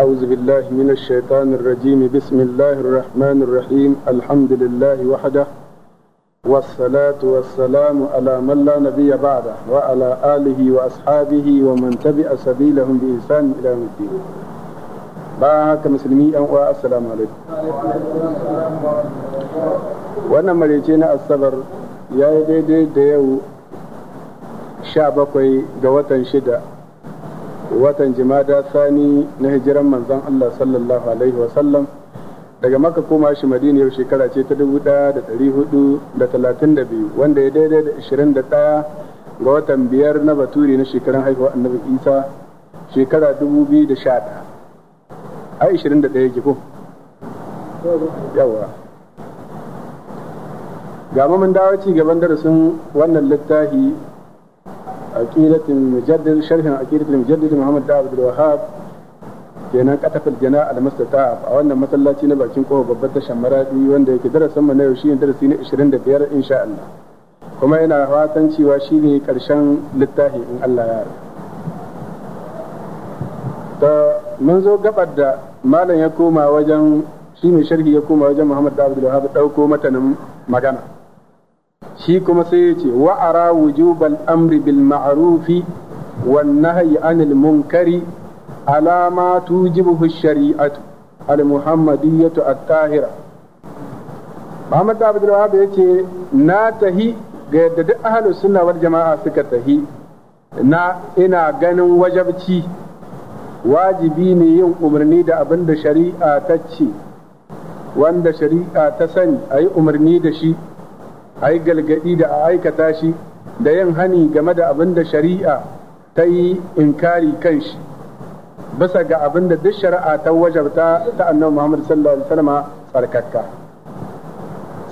أعوذ بالله من الشيطان الرجيم بسم الله الرحمن الرحيم الحمد لله وحده والصلاة والسلام على من لا نبي بعده وعلى آله وأصحابه ومن تبع سبيلهم بإحسان إلى يوم الدين باك مسلمي أن السلام عليكم wannan marece na asabar ya yi daidai da yau sha bakwai ga watan shida watan jimada sani na hijiran manzon Allah sallallahu alaihi wa sallam daga maka koma shi madina yau shekara ce ta dubu ɗaya da ɗari hudu da talatin da biyu wanda ya daidai da ashirin da ɗaya ga watan biyar na baturi na shekaran haihuwa annabi isa shekara dubu biyu da sha ɗaya a da ɗaya ki ko yawa ga mun dawo ci gaban darasin wannan littafi عقيدة المجدد شرح عقيدة المجدد محمد عبد الوهاب kenan katafil jana على mastata a wannan masallaci na bakin kowa babbar tashar maradi wanda yake darasin mu na yau shine darasi na 25 kuma yana fatan cewa shine karshen littafi in Allah ya yi. da mun zo gabar da malam ya koma wajen shi mai sharhi ya koma wajen Muhammad Abdul Wahab dauko matanin magana shi kuma sai ya ce wa ara wujubal amri bil ma'rufi wan nahyi anil munkari alama tujibu shari'atu al muhammadiyatu at tahira Muhammad da ya yace na tahi ga yadda duk ahlus sunna wal jama'a suka tahi na ina ganin wajabci wajibi ne yin umarni da abin da shari'a ta ce wanda shari'a ta sani a yi umarni da shi a yi galgadi da a aikata shi da yin hani game da abin da shari'a ta yi inkari kan shi bisa ga abin da duk shari'a ta wajabta ta annabi Muhammad sallallahu alaihi wasallam tsarkakka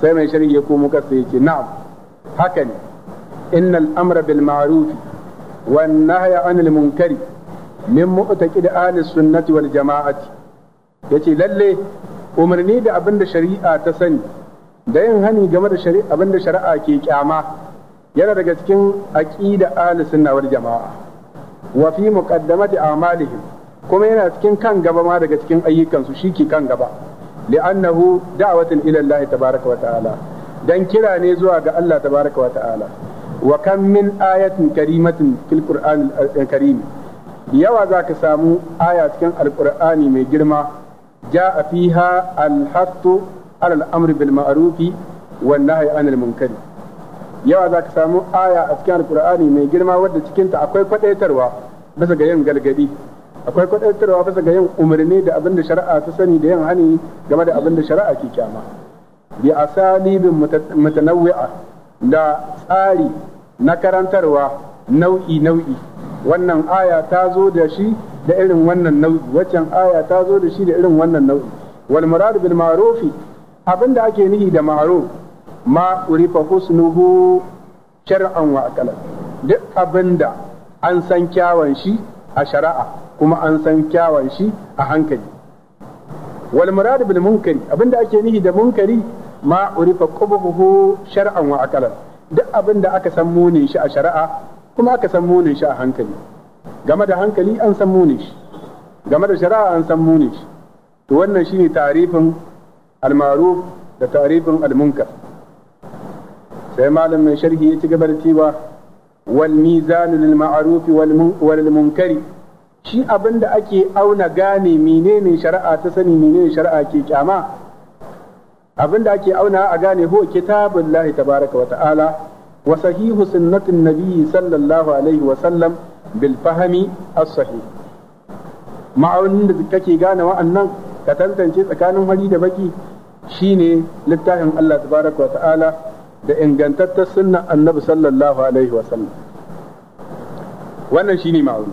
sai mai shari'a ya komo kasa yake na'am haka ne innal amra bil ma'ruf wan nahya anil munkari min mu'taqid ahli sunnati wal jama'ati yace lalle umarni da abin da shari'a ta sani da yin hani game da abin da shari'a ke kyama yana daga cikin aqida ahli sunna wal jama'a wa fi muqaddamati a'malihim kuma yana cikin kan gaba ma daga cikin ayyukansu shi ke kan gaba li'annahu da'watun ila Allah tabaaraka wa ta'ala dan kira ne zuwa ga Allah tabaaraka wa ta'ala wa kam min ayatin karimatin fil qur'an al-karim eh, yawa za ka samu aya cikin alqur'ani mai girma ja'a fiha al-hattu alal amri bil ma'rufi wan nahyi anil munkari yawa za ka samu aya a cikin alkur'ani mai girma wadda cikinta akwai kwadaitarwa bisa ga yin gargadi akwai kwadaitarwa bisa ga yin umarni da abin da shari'a ta sani da yin hani game da abin da shari'a ke kyama bi asalibin mutanawwi'a da tsari na karantarwa nau'i nau'i wannan aya ta zo da shi da irin wannan nau'i waccan aya ta zo da shi da irin wannan nau'i wal murad bil ma'rufi abin da ake nihi da ma'ruf ma urifa husnuhu shar'an wa aqlan duk abin da an san kyawun shi a shari'a kuma an san kyawun shi a hankali wal murad bil munkari abin da ake nihi da munkari ma urifa qubuhu shar'an wa aqlan duk abin da aka san munin shi a shari'a kuma aka san munin shi a hankali game da hankali an san munin shi game da shari'a an san munin shi to wannan shine tarifin al-ma'ruf da ta'rifin al-munkar sai malam mai sharhi ya ci gaba da cewa wal mizanu lil ma'ruf wal munkari shi abinda ake auna gane menene shari'a ta sani menene shari'a ke kyama abinda ake auna a gane ho kitabun ta baraka wata'ala ta'ala wa sahihu sunnatin nabiyyi sallallahu alaihi wa sallam bil fahami ma'aunin da kake gane wa'annan ka tantance tsakanin hari da baki Shi ne littafin Allah tabaraka wa ta'ala da ingantattar sunna annabi sallallahu alaihi wa sallam wannan shi ne ma'ruf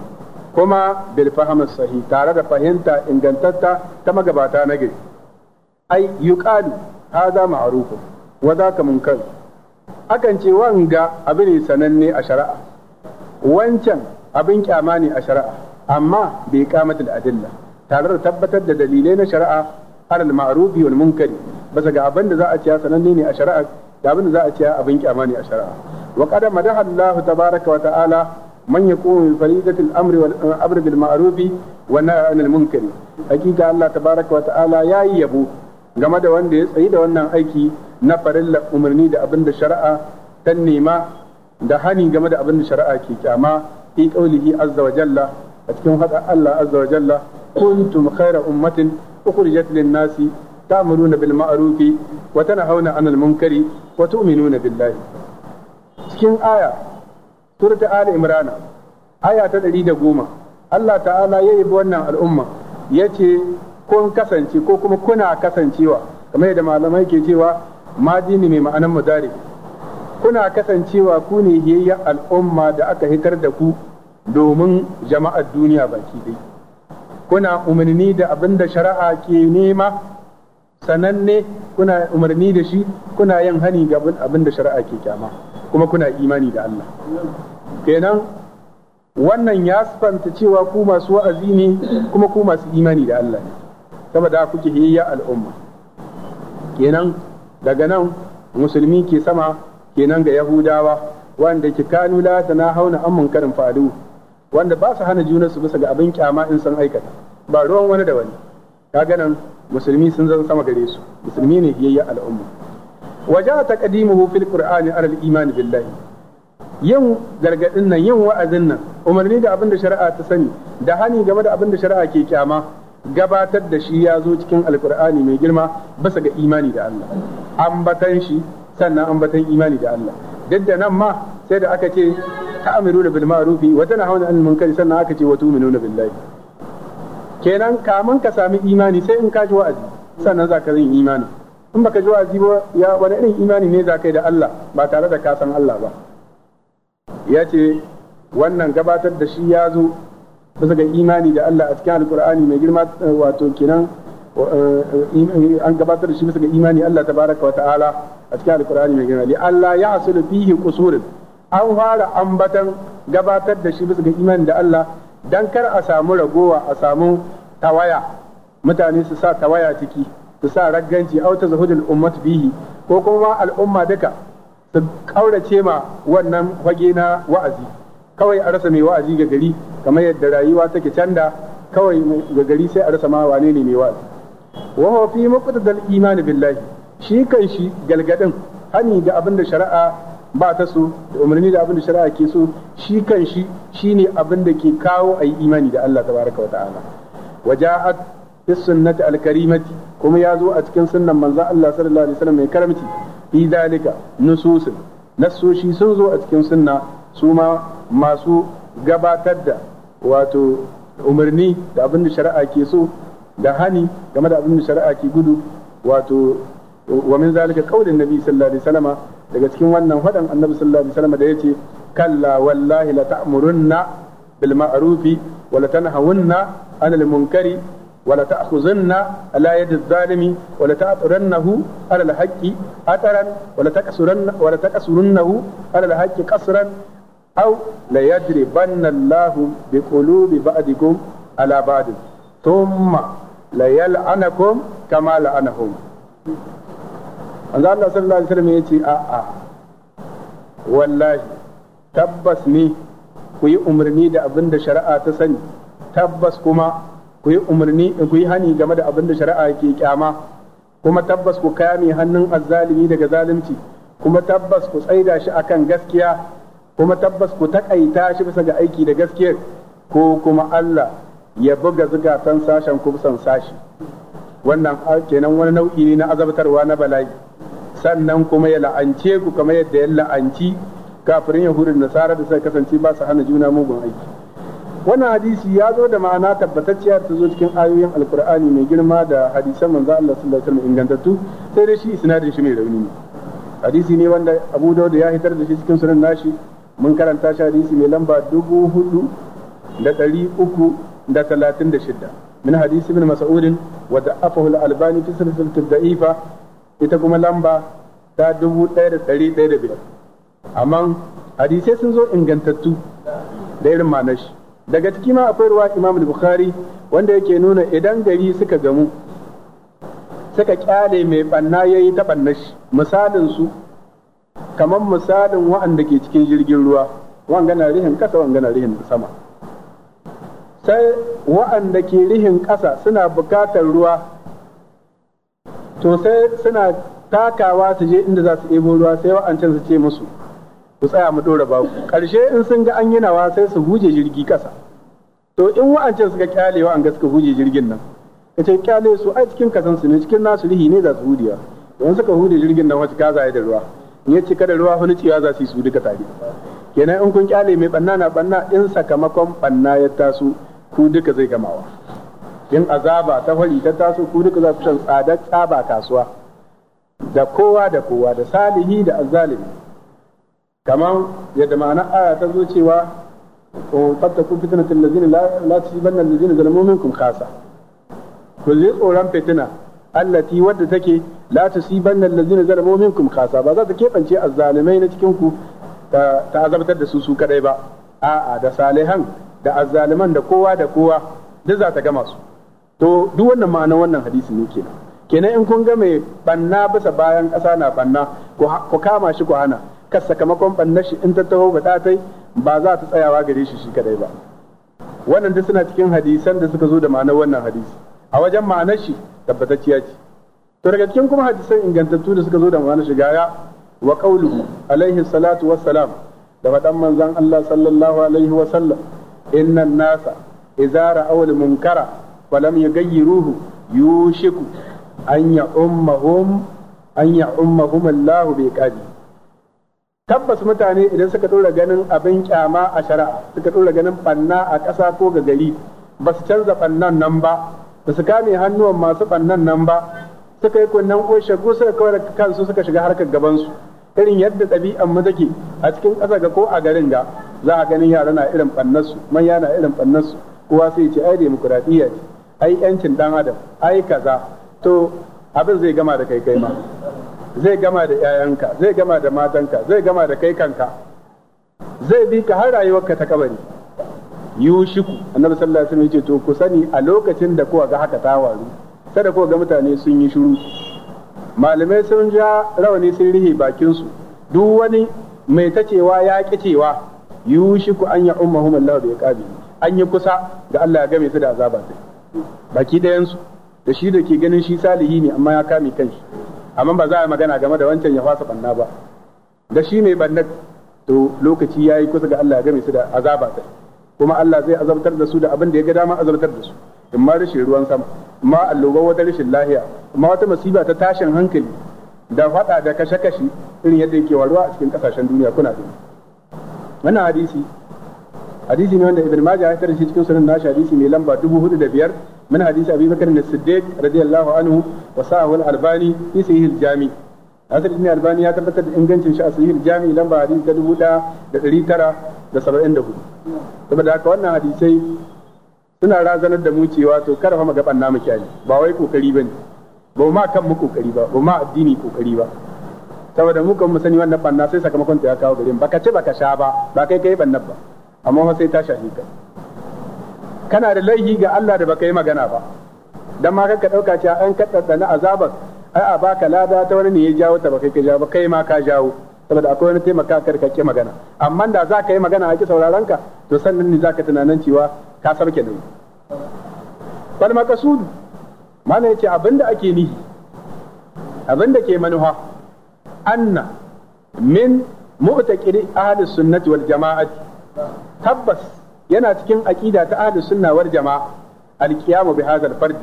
kuma bil fahm sahih tare da fahimta ingantatta ta magabata na gari ai yuqalu hadha ma'ruf wa mun kan akan ce wanga abu ne sananne a shari'a wancan abin kyama ne a shari'a amma bai kamata da adilla tare da tabbatar da dalilai na shari'a alal ma'rufi wal munkari basa ga abin da za a ciya sananne ne a shari'a da abin da za a ciya abin kyama ne a shari'a wa qad madaha Allah tabaaraka wa ta'ala man yaqumu bi faridati al-amri wal eh, amri bil ma'rufi wa nahyi anil munkari hakika Allah tabaaraka wa ta'ala yayi yabo game da wanda ya tsayi da wannan aiki na farilla umarni da abin da shari'a ta nema da hani game da abin da shari'a ke kyama fi qaulihi azza wa jalla a cikin faɗa Allah azza wa jalla kuntum khayra ummatin ukhrijat lin-nasi ta'muruna bil ma'ruf wa tanhauna 'anil munkari wa tu'minuna billahi cikin aya surata ali imrana aya ta 110 Allah ta'ala yayi bi wannan al'umma yace kun kasance ko kuma kuna kasancewa kamar yadda malamai ke cewa madini mai ma'anan mudari kuna kasancewa ku ne hiyayya al'umma da aka hitar da ku domin jama'ar duniya baki dai kuna umarni da abin da shari'a ke nema sananne kuna umarni da shi kuna yin hani ga abin da shari'a ke kyama kuma kuna imani da Allah kenan wannan ya sifanta cewa ku masu wa'azi ne kuma ku masu imani da Allah ne saboda kuke hiyayya al'umma kenan daga nan musulmi ke sama kenan ga yahudawa wanda ke kanu la tana hauna amman karin fa'alu wanda ba su hana su bisa ga abin kyama in sun aikata ba ruwan wani da wani kaga nan musulmi sun zan sama gare su musulmi ne biyayya al'umma waja taqdimuhu fil qur'ani ala al-iman billahi yin gargadin nan yin wa'azin nan umarni da abin da shari'a ta sani da hani game da abin da shari'a ke kyama gabatar da shi ya zo cikin alkur'ani mai girma bisa ga imani da Allah ambatan shi sannan ambatan imani da Allah duk da nan ma sai da aka ce ta ta'miruna rufi wata na hauna 'anil munkari sannan aka ce wa na billahi kenan kamun ka sami imani sai in ka ji wa'azi sannan za ka yin imani in baka ji wa'azi ba ya wani irin imani ne za ka yi da Allah ba tare da ka san Allah ba ya ce wannan gabatar da shi ya zo bisa ga imani da Allah a cikin alkur'ani mai girma wato kenan an gabatar da shi bisa ga imani Allah tabaraka wa ta'ala a cikin alkur'ani mai girma li Allah ya hasulu fihi qusurun an fara ambatan gabatar da shi bisa ga imani da Allah dan kar a samu ragowa a samu tawaya mutane su sa tawaya ciki su sa ragganci auta zuhudul ummat bihi ko kuma al'umma duka su kaurace ma wannan fage na wa'azi kawai a rasa mai wa'azi ga gari kamar yadda rayuwa take canda kawai ga gari sai a rasa ma wane ne mai wa'azi wa huwa fi muqtadal iman billahi shi kan shi galgadin hani da abin da shari'a ba ta su da umarni da abin da shari'a ke so shi kan shi ne abin da ke kawo ayi imani da Allah tabaraka wa ta'ala waja'at fi sunnati al-karimati kuma ya zo a cikin sunnan manzo Allah sallallahu alaihi wasallam mai karamci fi dalika nususun nasoshi sun zo a cikin sunna su ma masu gabatar da wato umarni da abin da shari'a ke so da hani game da abin da shari'a ke gudu wato wa min zalika qaulin nabi sallallahu alaihi wasallama daga cikin wannan faɗan annabi sallallahu alaihi wasallam da yace kalla wallahi la ta'murunna bil ma'rufi wa la tanhawunna 'anil munkari wa la ta'khuzunna ala yadi zalimi wa la ta'turannahu 'ala al haqqi ataran wa la taqsuranna wa la taqsurunnahu 'ala al haqqi qasran aw la yadribanna Allahu bi qulubi ba'dikum ala ba'd thumma la yal'anakum kama la'anahum manzo Allah sallallahu alaihi wasallam yace a a wallahi tabbas ne ku yi umarni da abin da shari'a ta sani tabbas kuma ku yi umarni ku yi hani game da abin da shari'a ke kyama kuma tabbas ku kame hannun azzalimi daga zalunci kuma tabbas ku tsaida shi akan gaskiya kuma tabbas ku takaita shi bisa ga aiki da gaskiyar ko kuma Allah ya buga zugatan sashen kubsan sashi wannan kenan wani nau'i ne na azabtarwa na bala'i sannan kuma ya la'ance ku kamar yadda ya la'anci kafirin yahudu da nasara da suka kasance ba su hana juna mugun aiki wannan hadisi ya zo da ma'ana tabbatacciya ta zo cikin ayoyin alkur'ani mai girma da hadisan manzo Allah sallallahu alaihi ingantattu sai dai shi isnadin shi mai rauni ne hadisi ne wanda Abu Dawud ya hitar da shi cikin sunan nashi mun karanta shi hadisi mai lamba dubu hudu da ɗari uku da talatin da shidda min hadisi ibn mas'ud wa da'afahu al-albani fi silsilati da'ifa ita kuma lamba ta 1105 amma hadisai sun zo ingantattu da irin daga ciki ma akwai ruwa imam bukhari wanda yake nuna idan gari suka gamu suka kyale mai banna yayi ta banna misalin su kamar misalin wa'anda ke cikin jirgin ruwa wanga na rihin kasa wanga na rihin sama Sai wa'anda ke rihin ƙasa suna buƙatar ruwa to sai suna takawa su je inda za su ɗebo ruwa sai wa'ancan su ce musu ku tsaya mu ɗora baku ƙarshe in sun ga an yi nawa sai su huje jirgi ƙasa to in wa'ancan suka kyale ga suka huje jirgin nan ka ce kyale su ai cikin kasan su ne cikin nasu rihi ne za su hudewa don suka huje jirgin nan ka gaza da ruwa in ya cika da ruwa wani ciwa za su yi su duka tare kenan in kun kyale mai banna na banna in sakamakon banna ya taso ku duka zai gamawa in azaba ta hori ta taso ku duka za ku san tsadar tsaba kasuwa da kowa da kowa da salihi da azalimi kamar yadda ma'ana aya ta zo cewa tattaku fitnatul ladzina la tusibanna alladzina zalamu minkum khasa ku ji tsoron fitina allati wadda take la tusibanna alladzina zalamu minkum khasa ba za ta kebance azzalimai na cikin ku ta azabtar da su su kadai ba a'a da salihan da azzaliman da kowa da kowa da za ta gama su to duk wannan ma'anar wannan hadisi ne kenan kenan in kun ga mai banna bisa bayan ƙasa na banna ku kama shi ku hana ka sakamakon banna shi in ta taho ba ta ba za ta tsayawa gare shi shi kadai ba wannan duk suna cikin hadisan da suka zo da ma'anar wannan hadisi a wajen ma'anar shi tabbatacciya ce to daga cikin kuma hadisan ingantattu da suka zo da ma'anar shi gaya wa qauluhu alaihi salatu wassalam da faɗan manzon Allah sallallahu alaihi wa innan nasa إذا رأوا المنكر munkara falam يوشك أن an أن an الله Allah tabbas mutane idan suka dora ganin abin kyama a shari'a suka dora ganin banna a ƙasa ko ga gari ba su canza bannan nan ba ba su kame hannuwan masu bannan nan ba suka yi kunnen ƙoshe ko suka kansu suka shiga harkar gabansu irin yadda ɗabi'an mu take a cikin ƙasa ga ko a garin ga za a ganin yara na irin ɓannarsu manya na irin ɓannarsu kowa sai ce ai demokuraɗiyya ce ai ƴancin ɗan adam ai kaza to abin zai gama da kai kai ma zai gama da 'ya'yanka zai gama da matanka zai gama da kai kanka zai bi ka har rayuwarka ta kabari yushiku annabi sallallahu alaihi wasallam ya ce to ku sani a lokacin da kowa ga haka ta waru kada kowa ga mutane sun yi shiru malamai sun ja rawani sun rihi bakinsu duk wani mai ta cewa ya ƙi cewa yushiku an ya ummahum Allah da ya an yi kusa ga Allah ya game su da azaba sai baki ɗayansu da shi da ke ganin shi salihi ne amma ya kame kanshi amma ba za a magana game da wancan ya fasa banna ba da shi mai banna to lokaci ya yi kusa ga Allah ya game su da azaba sai kuma Allah zai azabtar da su da abin da ya ga dama azabtar da su in ma rashin ruwan sama in ma allogon wata rashin lahiya in ma wata masiba ta tashin hankali da faɗa da kashe-kashe irin yadda yake waruwa a cikin ƙasashen duniya kuna da wannan hadisi hadisi ne wanda ibn majah ya tarihi cikin sunan nashi hadisi mai lamba dubu hudu da biyar. min hadisi abi bakar bin siddiq radiyallahu anhu wa sahahu albani fi sahih al-jami asir ibn albani ya tabbatar da ingancin shi a sahih al-jami lamba hadisi ta hudu saboda haka wannan hadisai suna razanar da mu cewa to kada fa mu gaban namu kyale ba wai kokari bane ba ma kan mu kokari ba ba ma addini kokari ba saboda mu kan mu sani wannan banna sai sakamakon ta ya kawo gare mu baka ce baka sha ba ba kai kai bannan ba amma fa sai ta shafi ka kana da laifi ga Allah da baka yi magana ba dan ma kanka dauka cewa an kaddada na azabar ai a baka lada ta wani ne ya jawo ta baka kai ka jawo ba kai ma ka jawo saboda akwai wani taimaka kar ka magana amma da za ka yi magana a ki sauraron ka to sannan ne za ka tunanin cewa ka sarke nauyi bal maqsud mana yace abinda ake nihi abinda ke manuha anna min mu'taqidi ahli sunnati wal jama'ati tabbas yana cikin aqida ta ahli sunna wal jama'a al qiyamu bi hadha al fard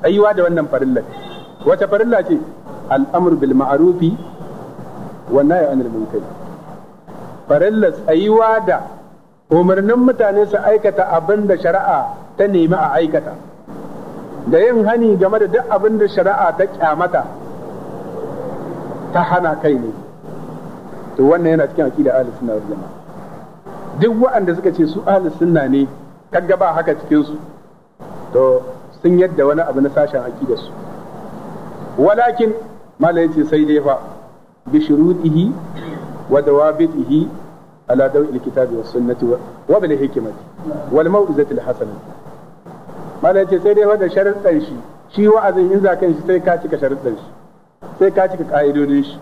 tsayuwa da wannan farilla wace farilla ce al amru bil ma'rufi wannan ya anil munkari farilla tsayuwa da umarnin mutane su aikata abin da shari'a ta nemi a aikata da yin hani game da duk abin da shari'a ta kyamata ta hana kai ne to wannan yana cikin aqida ahlus sunna wal jamaa duk waɗanda suka ce su ahlus sunna ne kaga ba haka cikin su to sun yadda wani abu na sashen aqidar su walakin malai ce sai dai fa بشروطه وضوابطه على ضوء الكتاب والسنة وبالحكمة والموعظة الحسنة ما لا sai dai wanda sharuɗan shi shi wa'azin in za kan shi sai ka cika shi sai ka ƙa'idodin shi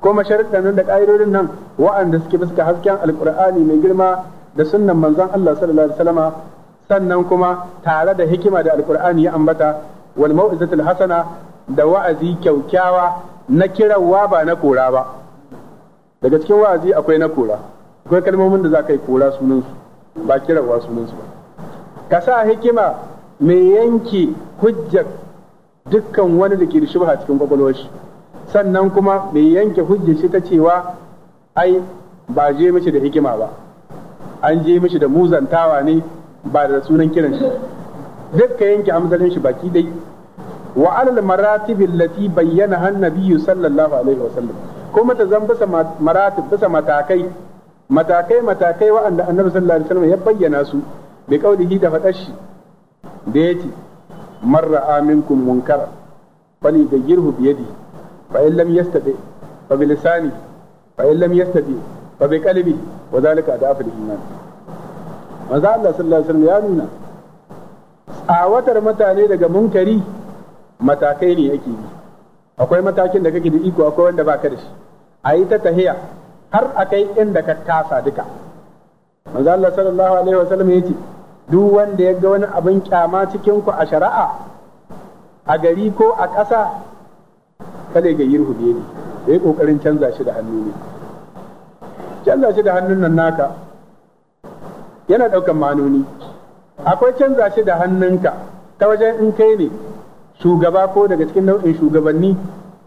kuma sharuɗan nan da ƙa'idodin nan wa'anda suke bisa hasken alƙur'ani mai girma da sunnan manzon Allah sannan kuma tare da hikima da alkur'ani ya ambata wal mau'izatul hasana da wa'azi kyaukyawa na kirawa ba na kora ba daga cikin wa'azi akwai na kora akwai kalmomin da za ka yi kora sunansu ba kirawa sunansu ba ka sa hikima mai yanke hujjar dukkan wani da ke da shubha cikin kwakwalwar shi sannan kuma mai yanke hujjar shi ta cewa ai ba je mishi da hikima ba an je mishi da muzantawa ne ba da sunan kiran shi duk ka yanke amsalin shi baki dai wa alal maratib bayyana han nabiyyu sallallahu alaihi wasallam kuma ta zan bisa matakai matakai matakai wa'anda annabi sallallahu alaihi ya bayyana su bi qaulihi da fadar shi da yace marra aminkum munkar fali gayyirhu bi yadi fa in lam yastati fa bi lisani fa in lam yastati fa bi qalbi wa zalika Allah ya nuna tsawatar mutane daga munkari matakai ne yake yi akwai matakin da kake da iko akwai wanda baka da shi a yi ta tahiya har a kai inda ka kasa duka manzo Allah sallallahu alaihi wasallam yace duk wanda ya ga wani abin kyama cikin ku a shari'a a gari ko a ƙasa kada ga yirhu ne ne yayi kokarin canza shi da hannu ne canza shi da hannun nan naka yana daukan manoni akwai canza shi da hannunka ta wajen in kai ne shugaba ko daga cikin nau'in shugabanni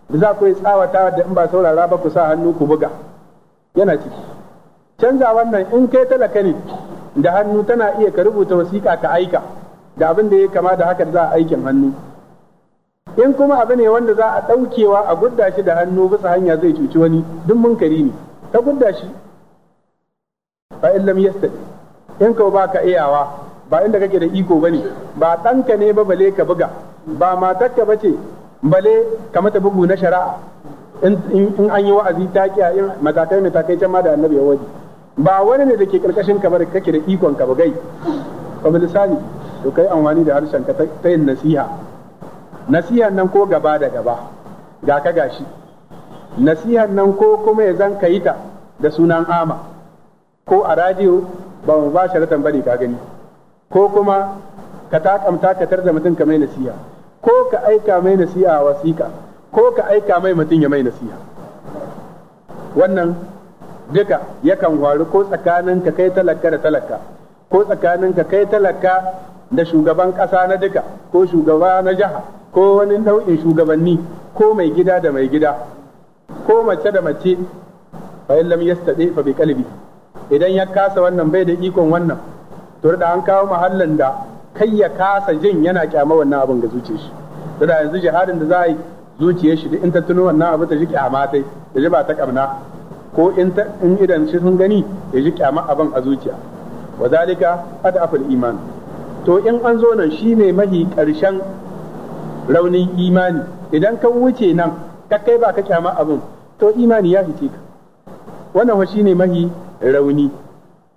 da za ku yi tsawata da in ba saurara ba ku sa hannu ku buga yana ciki canza wannan in kai talaka ne da hannu tana iya ka rubuta wasiƙa ka aika da abin da ya kama da haka za a aikin hannu in kuma abu ne wanda za a ɗaukewa a gudda shi da hannu bisa hanya zai cuci wani duk munkari ne ta gudda shi fa illam lam in ka ba ka iyawa ba inda kake da iko bane ba ɗanka ne ba bale ka buga ba matakka ba ce bale ka mata bugu na shari'a in an yi wa'azi ta kiya in matakai ne ta kai can ma da annabi ya waje ba wani ne da ke karkashin ka bar kake da ikon ka bugai ba lisani to kai amfani da harshen ka ta yin nasiha nasihan nan ko gaba da gaba ga ka gashi nasiha nan ko kuma ya zan kai ta da sunan ama ko a radiyo ba mu ba sharatan bane ka gani ko kuma ka takamta ka tarzama da mutum mai nasiha ko ka aika mai nasiha a wasiƙa ko ka aika mai mutum ya mai nasiha wannan duka yakan waru ko tsakanin ka kai talaka da talaka ko tsakanin ka kai talaka da shugaban ƙasa na duka ko shugaba na jiha ko wani nau'in shugabanni ko mai gida da mai gida ko mace da mace fa in lam yastadi fa bi kalbi idan ya kasa wannan bai da ikon wannan to da an kawo mahallan da kai ya kasa jin yana kyama wannan abin ga zuciya shi da yanzu jihadin da za a yi zuciya shi duk in ta tuno wannan abu ta ji kyama tai ta ji ba ta kamna ko in ta in idan shi sun gani ya ji kyama abin a zuciya wa zalika adaful iman to in an zo nan shi ne mahi karshen raunin imani idan ka wuce nan ka kai ba ka kyama abin to imani ya fice ka wannan shi ne mahi rauni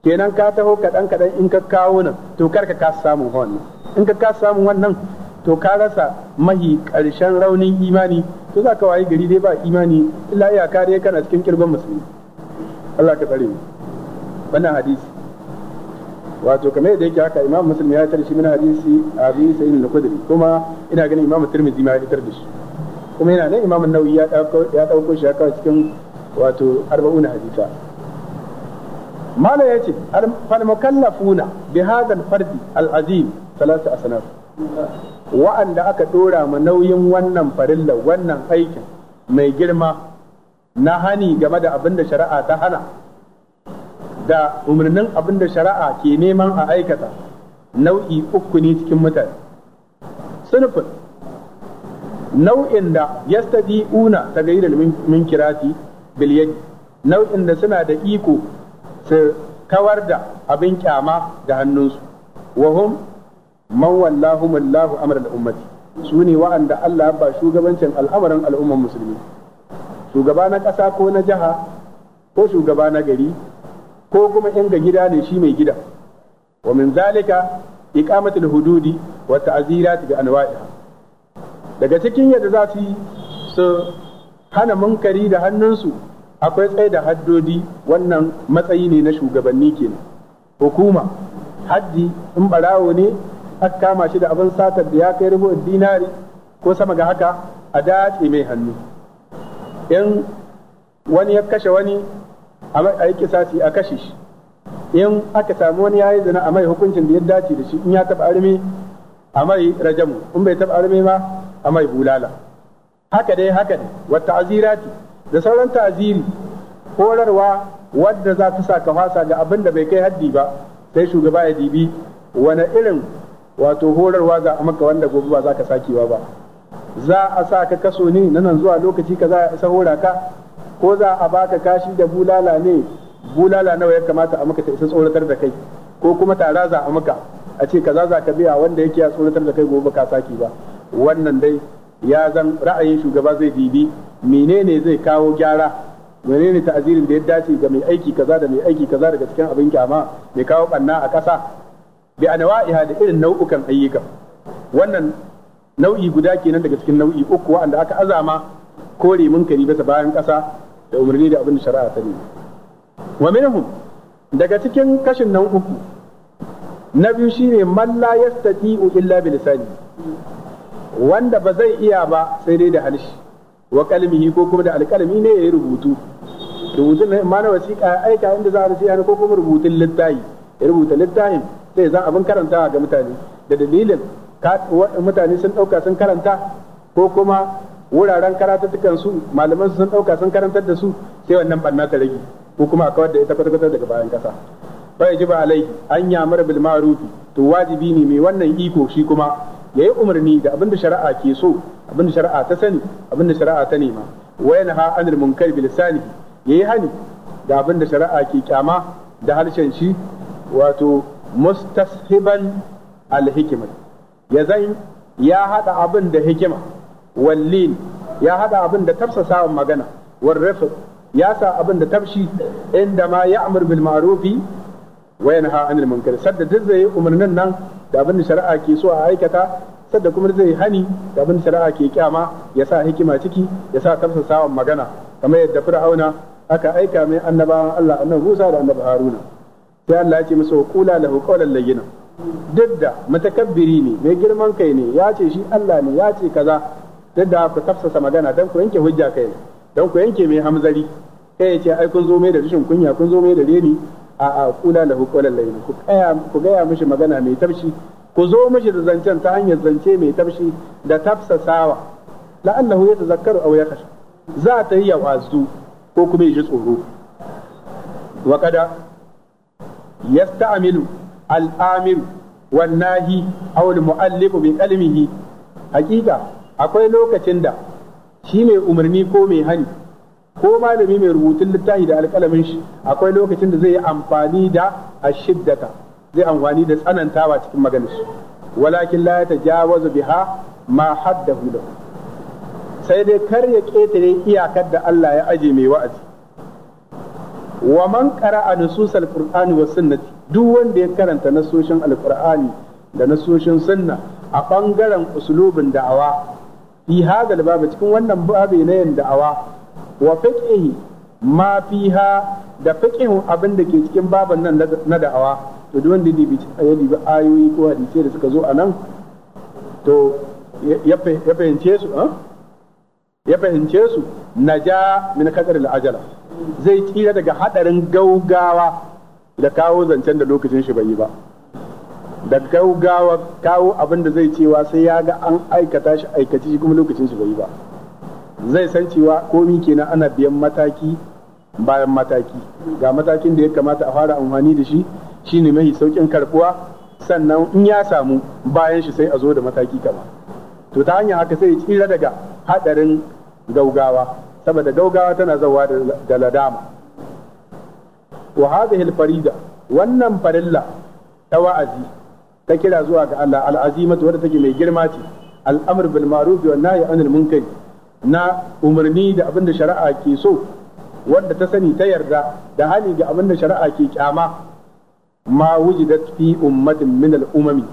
kenan ka taho kaɗan kaɗan in ka kawo nan to kar ka kasa samun wannan in ka kasa samun wannan to ka rasa mahi ƙarshen raunin imani to za ka wayi gari dai ba imani illa ya kare kana cikin kirgon musulmi Allah ka tsare wannan hadisi wato kamar yadda yake haka imam muslim ya tarshi min hadisi abi sayyid al-khudri kuma ina ganin imam tirmidhi ma ya fitar da shi kuma yana nan imam an-nawawi ya dauko ya dauko shi haka cikin wato 40 hadisa mana ya ce falmukallafuna bi hadal fardi al'azim salatu asnaf wa'anda aka dora ma nauyin wannan farilla wannan aikin mai girma na hani game da abin da shari'a ta hana da umarnin abin da shari'a ke neman a aikata nau'i uku ne cikin mutane sunufin nau'in da yastadi'una tagayyar min kirati biliyan nau'in da suna da iko su kawar da abin kyama da hannunsu wahum man wallahu Allahu amr al-ummati su ne wa'anda Allah ba shugabancin al'amarin al'umman musulmi shugaba na ƙasa ko na jiha ko shugaba na gari ko kuma inda gida ne shi mai gida wa min zalika iqamatul hududi wa ta'zirat bi anwa'iha daga cikin yadda za su hana munkari da hannunsu akwai tsaye da haddodi wannan matsayi ne na shugabanni kenan hukuma haddi in barawo ne aka kama shi da abin satar da ya kai rubu'in dinari ko sama ga haka a dace mai hannu in wani ya kashe wani a yi kisasi a kashe shi in aka sami wani ya yi zina a mai hukuncin da ya dace da shi in ya taba armi a mai rajamu in bai taba armi ma a mai bulala haka dai haka dai wata azirati da sauran taziri horarwa wadda za ta sa ka fasa ga abin da bai kai haddi ba sai shugaba ya dibi wani irin wato horarwa za a maka wanda gobe ba za ka sakewa ba za a sa ka kaso ne na nan zuwa lokaci ka za a isa hora ka ko za a baka kashi da bulala ne bulala nawa ya kamata a maka ta isa tsoratar da kai ko kuma tara za a maka a ce kaza za ka biya wanda yake ya tsoratar da kai gobe ba ka saki ba wannan dai ya zan ra'ayin shugaba zai dibi menene zai kawo gyara menene ta'azirin da ya dace ga mai aiki kaza da mai aiki kaza daga cikin abin kyama mai kawo banna a ƙasa bi anwa'iha da irin nau'ukan ayyuka wannan nau'i guda kenan daga cikin nau'i uku wanda aka azama kore munkari bisa bayan ƙasa da umarni da abin da shari'a ta ne wa minhum daga cikin kashin nan uku na biyu shine man yastati'u illa bi wanda ba zai iya ba sai dai da halshi wa kalmihi ko kuma da alkalmi ne yayi rubutu rubutun na ma na wasiƙa aika inda za a rubuta ko kuma rubutun littafi ya rubuta littafin sai zan abin karanta ga mutane da dalilin mutane sun ɗauka sun karanta ko kuma wuraren karatuttukan su malaman sun ɗauka sun karantar da su sai wannan banna ta rage ko kuma a kawar da ita kwata-kwata daga bayan kasa. fa yajibu alaihi an mara bil ma'rufi to wajibi ne mai wannan iko shi kuma Ya yi umarni da abinda shari'a ke so abinda shari'a ta sani abinda shari'a ta nema wa yanha anil munkar bil Ya yi hani da abinda shari'a ke kyama da harshen shi wato mustashiban al hikma ya zan ya hada abin da hikima wallin ya hada abin da tafsasa magana warrafa ya sa abin da tafshi inda ma ya amur bil ma'rufi wa yanha anil munkar sadda duk zai umarnin nan da abin da shari'a ke so a aikata sadda kuma zai hani da abin da shari'a ke kyama ya sa hikima ciki ya sa tafsasawan magana kamar yadda fir'auna aka aika mai annabawan Allah annabi Musa da annabi Haruna sai Allah ya ce musu qula lahu qawlan layyina duk da matakabbiri ne mai girman kai ne ya ce shi Allah ne ya ce kaza duk da ku tafsasa magana dan ku yanke hujja kai don dan ku yanke mai hamzari kai ya ce ai kun zo mai da rashin kunya kun zo mai da reni a a kula da qawlan layyin ku kaya ku gaya mishi magana mai tafshi ku zo mishi da zancen ta hanyar zance mai tafshi da tafsa tafsasawa la'annahu yatazakkaru aw yakhsha za ta yi yawazu ko kuma ya ji tsoro wa kada yasta'milu al-amir wan nahi aw al-mu'allif bi kalmihi hakika akwai lokacin da shi mai umarni ko mai hani ko malami mai rubutun littafi da alƙalamin shi akwai lokacin da zai yi amfani da ashiddata zai amfani da tsanantawa cikin maganar shi walakin la tajawazu biha ma haddahu lahu sai dai kar ya ketare iyakar da Allah ya aje mai wa'azi wa man qara'a nusus alqur'ani wa sunnati duk wanda ya karanta nasoshin alqur'ani da nasoshin sunna a bangaren uslubin da'awa fi hadal babu cikin wannan babu na yin da'awa wa fiqhi ma fiha da fiqhin abin da ke cikin baban nan na da'awa to duk wanda ya dibi ayoyi ko hadisi da suka zo a nan to ya fahimce su ya fahimce su naja min kadar al'ajala zai tsira daga hadarin gaugawa da kawo zancen da lokacin shi bai yi ba da gaugawa kawo abin da zai cewa sai ya ga an aikata shi aikaci kuma lokacin shi bai yi ba zai san cewa komi kenan ana biyan mataki bayan mataki ga matakin da ya kamata a fara amfani da shi shine mai saukin karbuwa sannan in ya samu bayan shi sai a zo da mataki kama to ta hanyar haka sai tsira daga hadarin gaugawa saboda gaugawa tana zawa da ladama wa hadhihi al-farida wannan farilla ta wa'azi ta kira zuwa ga Allah al-azimatu wadda take mai girma ce al bil ma'ruf wa nahyi anil munkari na umarni da abin da shari'a ke so wanda ta sani ta yarda da hali ga abin da shari'a ke kyama ma wujidat fi ummatin min al-umami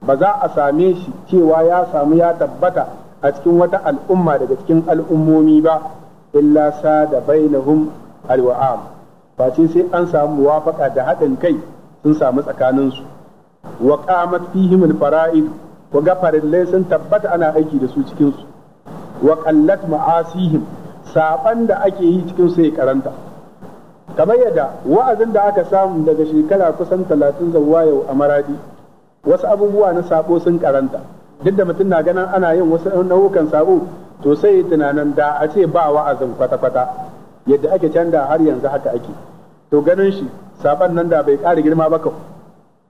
ba za a same shi cewa ya samu ya tabbata a cikin wata al'umma daga cikin al'ummomi ba illa sa da bainahum alwa'am face sai an samu muwafaka da haɗin kai sun samu tsakaninsu wa qamat fihim al-fara'id ga gafarillai sun tabbata ana aiki da su cikinsu wa qallat ma'asihim saban da ake yi cikin su ya karanta kamar yadda wa'azin da aka samu daga shekara kusan talatin zuwa yau a maradi wasu abubuwa na sabo sun karanta duk da mutum na ganin ana yin wasu nau'ukan sabo to sai tunanin da a ce ba wa'azin kwata-kwata yadda ake canda har yanzu haka ake to ganin shi saban nan da bai ƙara girma ba kau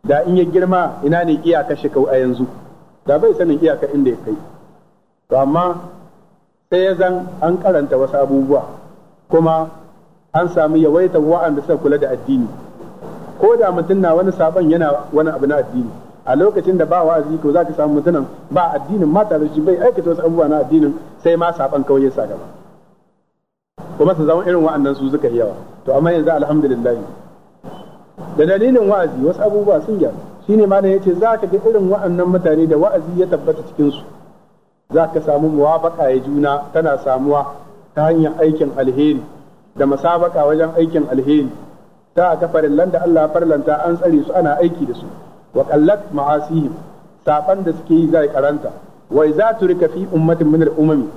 da in ya girma ina ne iyaka shi kau a yanzu da bai sanin iyaka inda ya kai to amma sai ya zan an karanta wasu abubuwa kuma an sami yawaita wa'anda suka kula da addini ko da mutum na wani sabon yana wani abu na addini a lokacin da ba wa'azi ko za ka samu mutumin ba addinin ma tare shi bai aikata wasu abubuwa na addinin sai ma sabon kawai ya sa gaba kuma su zama irin wa'annan su suka yawa to amma yanzu alhamdulillah da dalilin wa'azi wasu abubuwa sun gyaru shine ne yace za ka ga irin wa'annan mutane da wa'azi ya tabbata cikin su za ka samu muwafaka ya juna tana samuwa ta hanyar aikin alheri da musabaka wajen aikin alheri ta aka farillan da Allah farlanta an tsare su ana aiki da su wa qallat ma'asihim saban da suke yi zai karanta wa idza turika fi ummatin min al-umami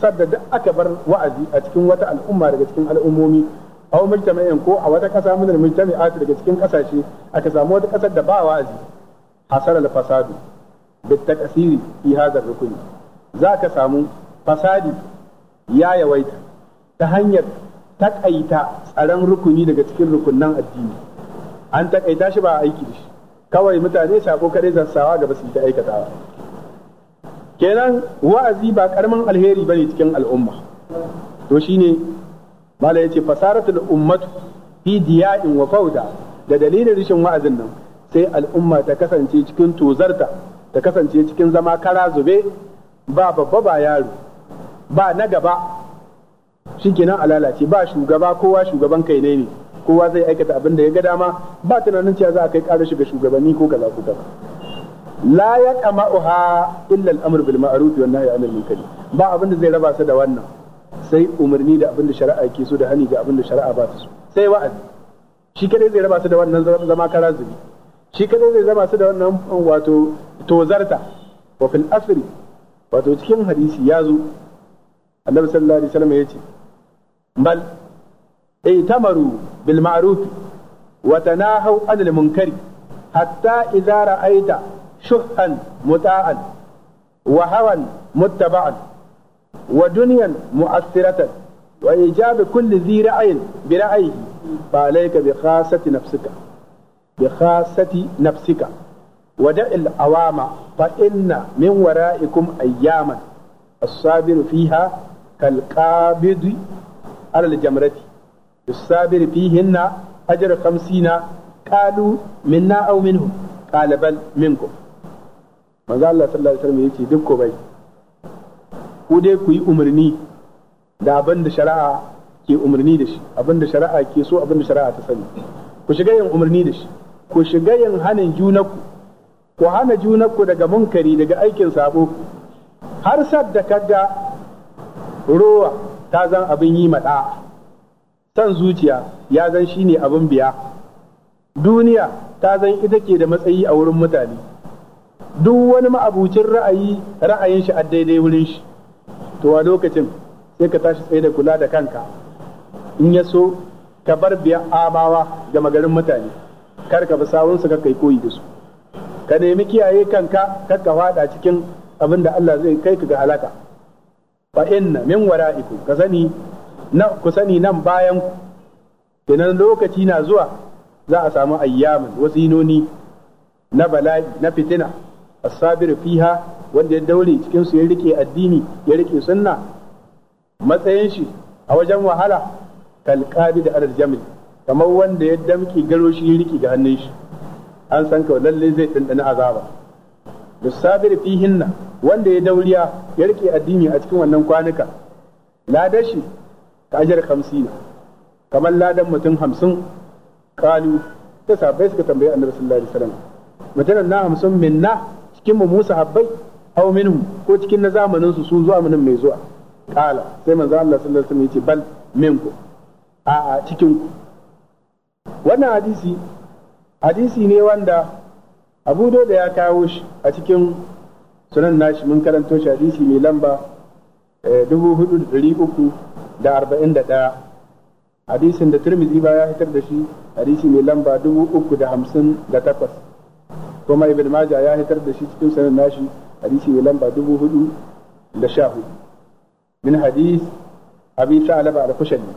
sadda duk aka bar wa'azi a cikin wata al'umma daga cikin al'ummomi aw mujtama'in ko a wata kasa min al-mujtama'at daga cikin kasashe aka samu wata kasar da ba wa'azi hasara al-fasadu bitakasiri fi hadar rukuni za ka samu fasadi ya yawaita ta hanyar taƙaita tsaron rukuni daga cikin rukunan addini an taƙaita shi ba aiki da shi kawai mutane sako kaɗai zassawa ga basu ta aikatawa kenan wa'azi ba karamin alheri ba ne cikin al'umma to shine mala yace fasaratul ummatu fi diya'in wa da dalilin rishin wa'azin nan sai al'umma ta kasance cikin tozarta ta kasance cikin zama kara zube ba babba ba yaro ba na gaba shikenan a lalace ba shugaba kowa shugaban kai ne ne kowa zai aikata abin da ya ga dama ba tunanin cewa za a kai ƙarar shiga shugabanni ko kaza ko kaza la ya uha illa al-amr bil ma'ruf wa nahy 'anil munkar ba abin da zai raba su da wannan sai umarni da abin da shari'a ke so da hani ga abin da shari'a ba ta so sai wa'azi shi kadai zai raba su da wannan zama kara zubi shi kadai zai zama su da wannan wato tozarta wa fil wato cikin hadisi ya zo annabi sallallahu alaihi wasallam yace bal tamaru bil wata wa tanahu anil munkari hatta idza ra'aita shuhan muta'an wa hawan muttaba'an wa dunyan mu'assiratan wa ijabu kulli ra'ayin bi ra'ayhi fa alayka bi khasati nafsika bi khasati nafsika wa da'il awama fa inna min wara'ikum ayyaman as-sabiru fiha kal qabidi ala al-jamrati as-sabiru fihinna ajru 50 qalu minna aw minhum qala bal minkum manzo Allah yace duk ko bai ku ku yi umarni da abin da shari'a ke umarni da shi da shari'a ke da shari'a ta sani ku shiga yin umarni da shi ku shiga yin hanin junanku ku hana junanku daga munkari daga aikin sabo har sadda kaga rowa ta zan abin yi maɗa san zuciya ya zan shi shine abin biya duniya ta zan ita ke da matsayi a wurin mutane duk wani ma'abucin ra'ayi ra'ayin shi a daidai wurin shi to a lokacin sai ka tashi tsaye da kula da kanka in ya so ka bar biya amawa ga magarin mutane kar ka bi sawun su kai koyi da su ka nemi kiyaye kanka kar ka fada cikin abin da Allah zai kai ka ga halaka fa inna min waraiku ka sani na ku sani nan bayan ku kenan lokaci na zuwa za a samu ayyamin wasu na bala'i na fitina as-sabir fiha wanda ya daure cikin su ya rike addini ya rike sunna matsayin shi a wajen wahala kalqabi da arjamil kamar wanda ya damke garo shi ya riki ga hannun shi an san ka lalle zai dandana azaba fi hinna wanda ya dauriya ya rike addini a cikin wannan kwanuka ladar shi ka ajar 50 kamar ladan mutum hamsin kalu ta sabai suka tambayi annabi sallallahu alaihi wasallam mutanen na hamsin minna cikin mu musa habbai aw minhu ko cikin na zamanin su su zuwa munin mai zuwa kala sai manzo Allah sallallahu alaihi wasallam yace bal minku a a cikin ku wannan hadisi hadisi ne wanda abu da ya kawo shi a cikin sunan nashi mun karanto shi hadisi mai lamba eh, dubu hudu da uku da arba'in da ɗaya hadisin da turmizi ba ya hitar da shi hadisi mai lamba dubu uku da hamsin da takwas kuma ibn maja ya hitar da shi cikin sunan nashi hadisi mai lamba dubu hudu da sha hudu min hadis abi sa'alaba al-kushani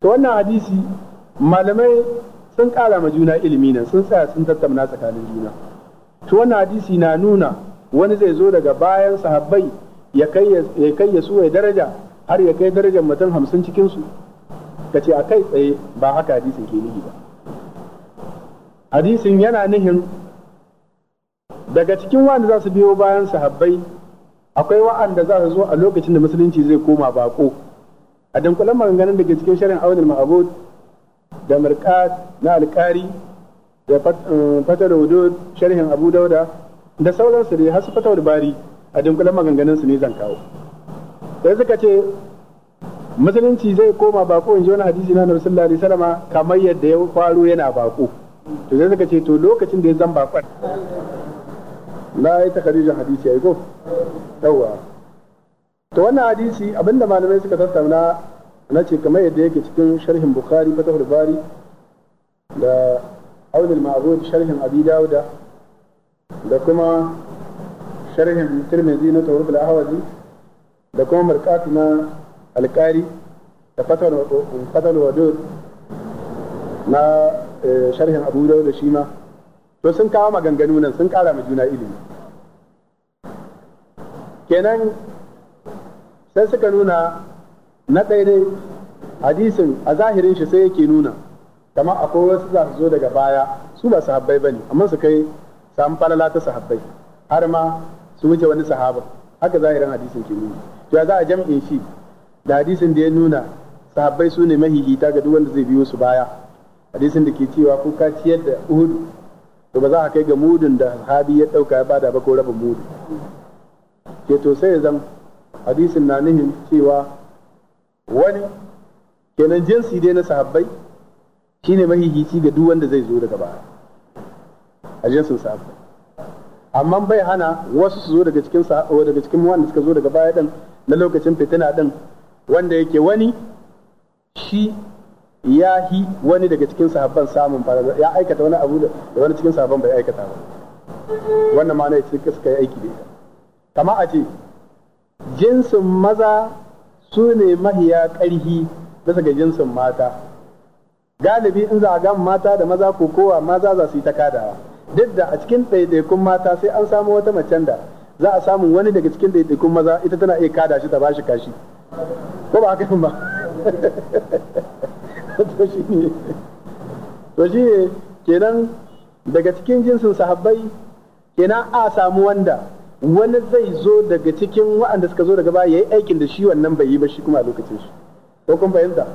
to wannan hadisi malamai sun ƙara ma juna ilimi nan sun tsaya sun tattauna tsakanin juna to wannan hadisi na nuna wani zai zo daga bayan sahabbai ya kai ya suwaye daraja har ya kai darajar mutum hamsin cikinsu ka ce a kai tsaye ba haka hadisin ke nihi ba hadisin yana nihin daga cikin wanda za su biyo bayan sahabbai akwai wa'anda za su zo a lokacin da musulunci zai koma baƙo a dankulan maganganun da ke cikin shirin aunin ma'abud da mirqat na alƙari da eh, fatar wudud sharhin abu dauda da sauransu ne har su fatar bari a dunkulen maganganun su ne zan kawo sai suka ce musulunci zai koma bako in ji wani hadisi na nabi sallallahu alaihi wasallam kamar yadda ya faru yana bako to sai suka ce to lokacin da ya zan bakon na yi takarijin hadisi ya yi ko yawwa to wannan hadisi abinda malamai suka tattauna na ce kamar yadda yake cikin sharhin bukhari fatahul bari da aunin ma'bud sharhin abi dawuda da kuma sharhin tirmidhi na tawrif al-ahwazi da kuma marqat na alqari da fatahul na eh, sharhin abu dawuda shi ma to sun kawo maganganu nan sun kara ma juna ilimi kenan sai suka nuna na ɗaya dai hadisin a zahirin shi sai yake nuna kamar akwai wasu za su zo daga baya su ba sahabbai ba ne amma su kai samun falala ta habbai har ma su wuce wani sahaba haka zahirin hadisin ke nuna to za a jam'in shi da hadisin da ya nuna sahabbai su ne mahihita ga duk wanda zai biyo su baya hadisin da ke cewa ko ka ciyar da uhudu to ba za a kai ga mudun da sahabi ya dauka ya bada ba ko rabin mudu ke to sai zan hadisin na nihin cewa wani kenan jinsi dai na sahabbai shine mahihici ga duk wanda zai zo daga baya a jinsin sahabbai amma bai hana wasu su zo daga cikin daga cikin wanda suka zo daga baya din na lokacin fitina din wanda yake wani shi ya hi wani daga cikin sahabban samun fara ya aikata wani abu da wani cikin sahabban bai aikata ba wannan ma'ana ya ce suka yi aiki da ita kama a ce jinsin maza su ne mahiya ƙarhi bisa ga jinsin mata galibi in za a gama mata da maza ko kowa maza za su yi ta kadawa duk da a cikin ɗaiɗaikun mata sai an samu wata macen da za a samu wani daga cikin ɗaiɗaikun maza ita tana iya kada shi ta ba shi kashi ko ba haka ba to shi ne to shi ne kenan daga cikin jinsin sahabbai kenan a samu wanda wani zai zo daga cikin waɗanda suka zo daga baya yayi aikin da shi wannan bai yi ba shi kuma a lokacin shi ko kun fahimta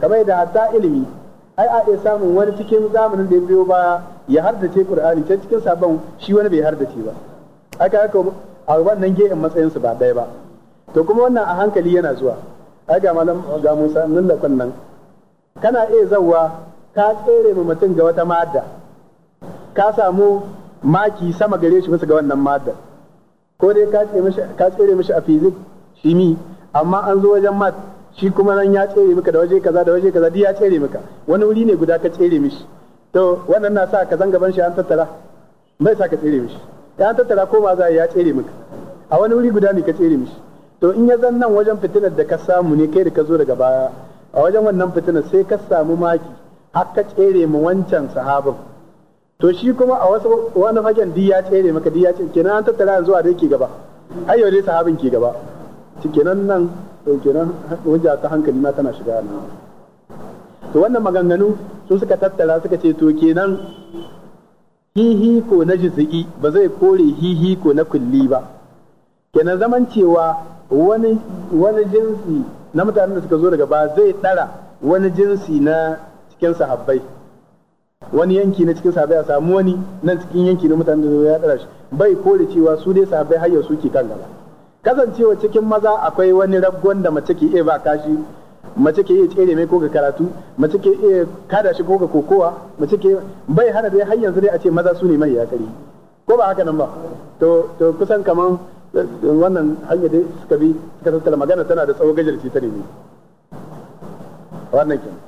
kamar da hatta ilimi ai a iya samun wani cikin zamanin da ya biyo baya ya hardace Qur'ani can cikin sabon shi wani bai hardace ba aka aka a wannan ge'in matsayin su ba ɗaya ba to kuma wannan a hankali yana zuwa ai ga malam ga Musa nan da kunnan. kana iya zawwa ka tsere mu mutum ga wata madda ka samu maki sama gare shi bisa ga wannan maddar ko dai ka tsere mishi a fizik shi mi amma an zo wajen mat shi kuma nan ya tsere maka da waje kaza da waje kaza duk ya tsere maka wani wuri ne guda ka tsere mishi to wannan na sa ka zanga shi an tattara bai sa ka tsere mishi ya an tattara ko ba za ya tsere maka a wani wuri guda ne ka tsere mishi to in ya zan nan wajen fitinar da ka samu ne kai da ka zo daga baya a wajen wannan fitinar sai ka samu maki har ka tsere mu wancan sahabin to shi kuma a wasu wani fagen di ya tsere maka di ya ce kenan an tattara yanzu a dai ke gaba ai yau dai sahabin ke gaba kenan nan to kenan wajen ta hankali ma tana shiga nan to wannan maganganu su suka tattara suka ce to kenan hihi ko na jiz'i ba zai kore hihi ko na kulli ba kenan zaman cewa wani wani jinsi na mutanen da suka zo daga ba zai dara wani jinsi na cikin sahabbai wani yanki na cikin sahabbai a samu wani nan cikin yanki na mutanen da ya tsara shi bai da cewa su dai sahabbai har yau ke kan gaba kasancewa cikin maza akwai wani raggon da mace ke iya ba kashi mace ke iya tsere mai ko ga karatu mace ke iya kada shi ko ga kokowa mace ke bai hana dai har yanzu dai a ce maza su ne mai yakari ko ba haka nan ba to to kusan kaman eh, wannan hanya dai suka bi suka tattala magana tana da tsawo gajarci ta ne wannan kenan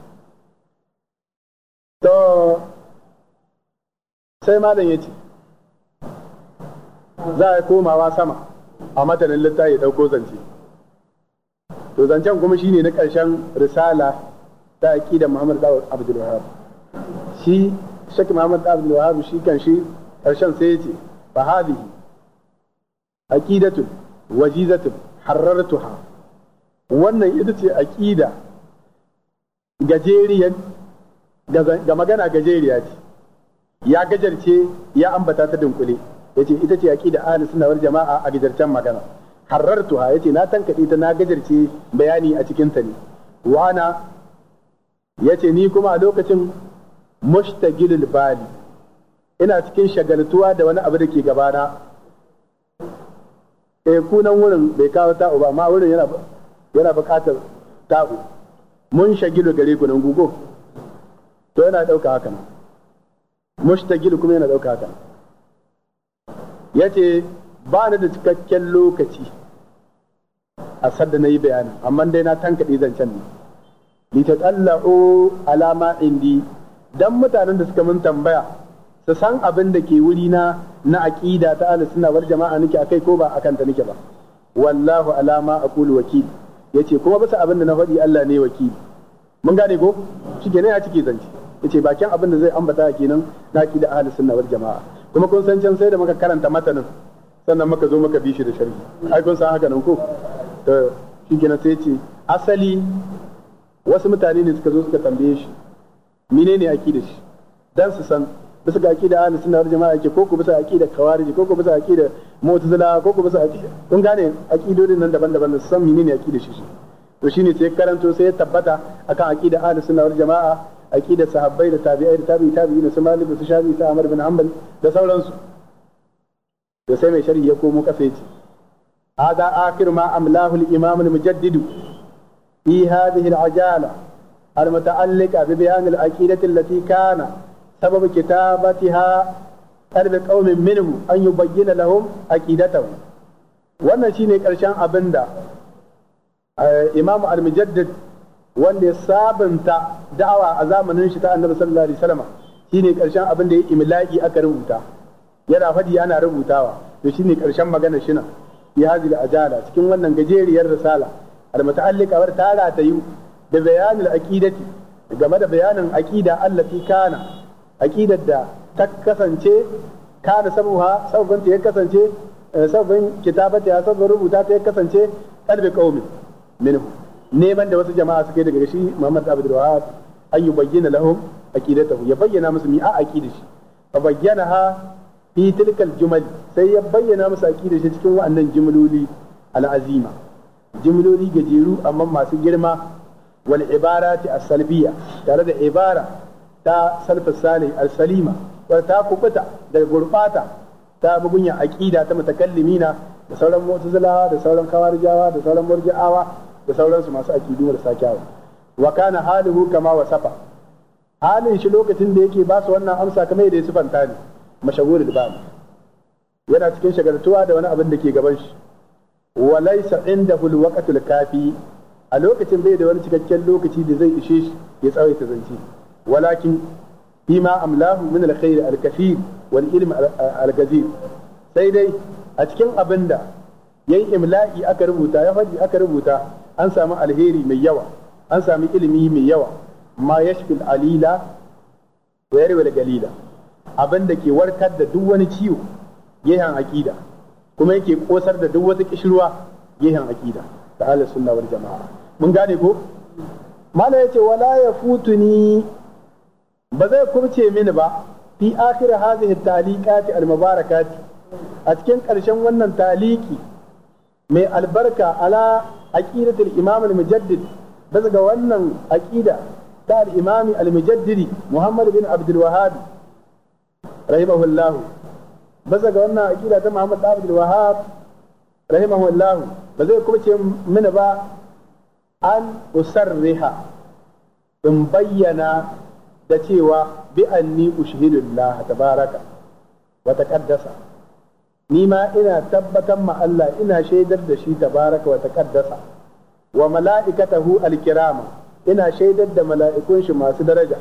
to sai malam ya ce za a komawa sama a matanin littafi ya ɗauko zance to zancen kuma shine na ƙarshen risala ta aqidar Muhammad da Abdul wahab shi Sheikh Muhammad da Abdul wahab shi kan shi ƙarshen sai ya ce fa hadhihi aqidatu wajizatu harrartuha wannan ita ce aqida gajeriyan ga magana gajeriya ce ya gajarce ya ambata ta dunkule yace ita ce aqida ahli sunna wal jama'a a gajarcen magana ya yace na tankade ta na gajarce bayani a cikin ta ne wa ya yace ni kuma a lokacin mushtagilul bali ina cikin shagaltuwa da wani abu da ke gabana eh kunan wurin bai kawo ta'u ba amma wurin yana yana buƙatar ta'u mun shagilu gare ku nan gugo to yana ɗauka haka nan mushtagil kuma yana dauka haka yace ba ni da cikakken lokaci a sadda na yi bayani amma dai na tankaɗe zancen ne li tatalla'u alama indi dan mutanen da suka mun tambaya su san abin da ke wuri na na aqida ta ahlus sunna wal jama'a nake akai ko ba akan ta nake ba wallahu alama aqulu wakil yace kuma bisa abin da na faɗi Allah ne wakili mun gane ko shi ne ya cike zance yace bakin abin da zai ambata kenan na da ahli sunna wal jama'a kuma kun san can sai da muka karanta matanin sannan muka zo muka bi shi da sharhi ai kun san haka nan ko to shi kenan sai ce asali wasu mutane ne suka zo suka tambaye shi menene akida shi dan su san bisa ga akida ahli sunna wal jama'a yake ko ku bisa akida kawariji ko ku bisa akida mu'tazila ko ku bisa akida kun gane akidodin nan daban-daban su san menene akida shi to shine sai karanto sai ya tabbata akan akida ahli sunna wal jama'a aqida sahabbai da tabi'ai da tabi'i tabi'i da su malik da su shafi ta amar bin hanbal da sauransu da sai mai sharhi ya komo kasa yace hada akhir ma amlahu al-imam al-mujaddid fi hadhihi al-ajala المتعلقة ببيان العقيدة التي كان سبب كتابتها قلب قوم منه أن يبين لهم عقيدتهم wannan shine karshen abinda imam al-mujaddid wanda ya sabunta da'awa a zamanin shi ta annabi sallallahu alaihi wasallam shine karshen abin da ya imla'i aka rubuta yana fadi ana rubutawa to shine karshen magana shi nan ya hazil ajala cikin wannan gajeriyar risala al muta'alliqa war tara ta yi da bayanul aqidati game da bayanin aqida allati kana aqidar da ta kasance kana sabuha ta ya kasance eh, sabon kitabata ya rubuta ta ya kasance kalbi qaumi minhu neman da wasu jama'a suka yi daga shi Muhammad Abdul Wahab an yubayyana lahum aqidatahu ya bayyana musu mi'a a aqida shi fa bayyanaha fi tilkal jumal sai ya bayyana musu aqida shi cikin wa'annan jumloli al'azima jumloli gajeru amma masu girma wal ce as-salbiya tare da ibara ta salfa salih al-salima wa ta kubuta da gurbata ta bugunya aqida ta mutakallimina da sauran mu'tazilawa da sauran kawarijawa da sauran murji'awa da sauransu masu akidu marasa sakyawa wa kana haluhu kama wasafa halin shi lokacin da yake ba su wannan amsa kamar yadda ya sifanta ne mashaguri da ba'a yana cikin shagartuwa da wani abin da ke gaban shi wa laysa indahu alwaqtul kafi a lokacin bai da wani cikakken lokaci da zai ishe shi ya tsawaita zance walakin bima amlahu min alkhair alkathir wal ilm algazir sai dai a cikin abinda yayin imla'i aka rubuta ya faɗi aka rubuta an samu alheri mai yawa an samu ilimi mai yawa ma yashfil alila wa yarwal galila abin da ke warkar da duk wani ciwo yayin aqida kuma yake kosar da duk wata kishirwa yayin aqida ta ahlus sunna wal jamaa mun gane ko mala yace wala yafutuni ba zai kurce mini ba fi akhir hadhihi taliqati al mubarakati a cikin ƙarshen wannan taliki mai albarka ala aqidatul imam al-mujaddid bisa ga wannan aqida ta al-imam al-mujaddidi bin Abdul Wahhab rahimahullah bisa ga wannan aqida ta Muhammad bin Abdul Wahhab ba zai kuma ce ba an usarriha in bayyana da cewa bi anni ushhidullah tabaraka wa ƙaddasa. ni ma ina tabbatar ma Allah ina shaidar da shi tabaraka wa taqaddasa wa mala'ikatahu alkirama ina shaidar da mala'ikun shi masu daraja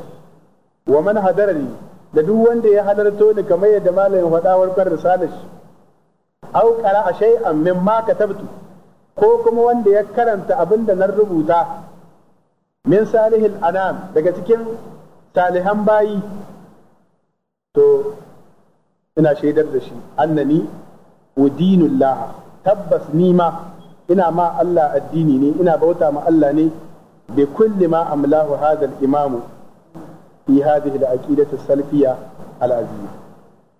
wa man hadarani da duk wanda ya halarto ni kamar yadda malamin faɗawar kan risalar shi aw qara'a shay'an mimma katabtu ko kuma wanda ya karanta abin da na rubuta min salihil anam daga cikin salihan bayi to ina shaidar da shi annani udinullah tabbas ni ma ina ma Allah addini ne ina bauta ma Allah ne bi kulli ma amlahu hadha al-imam fi hadhihi al-aqidah as-salfiyya al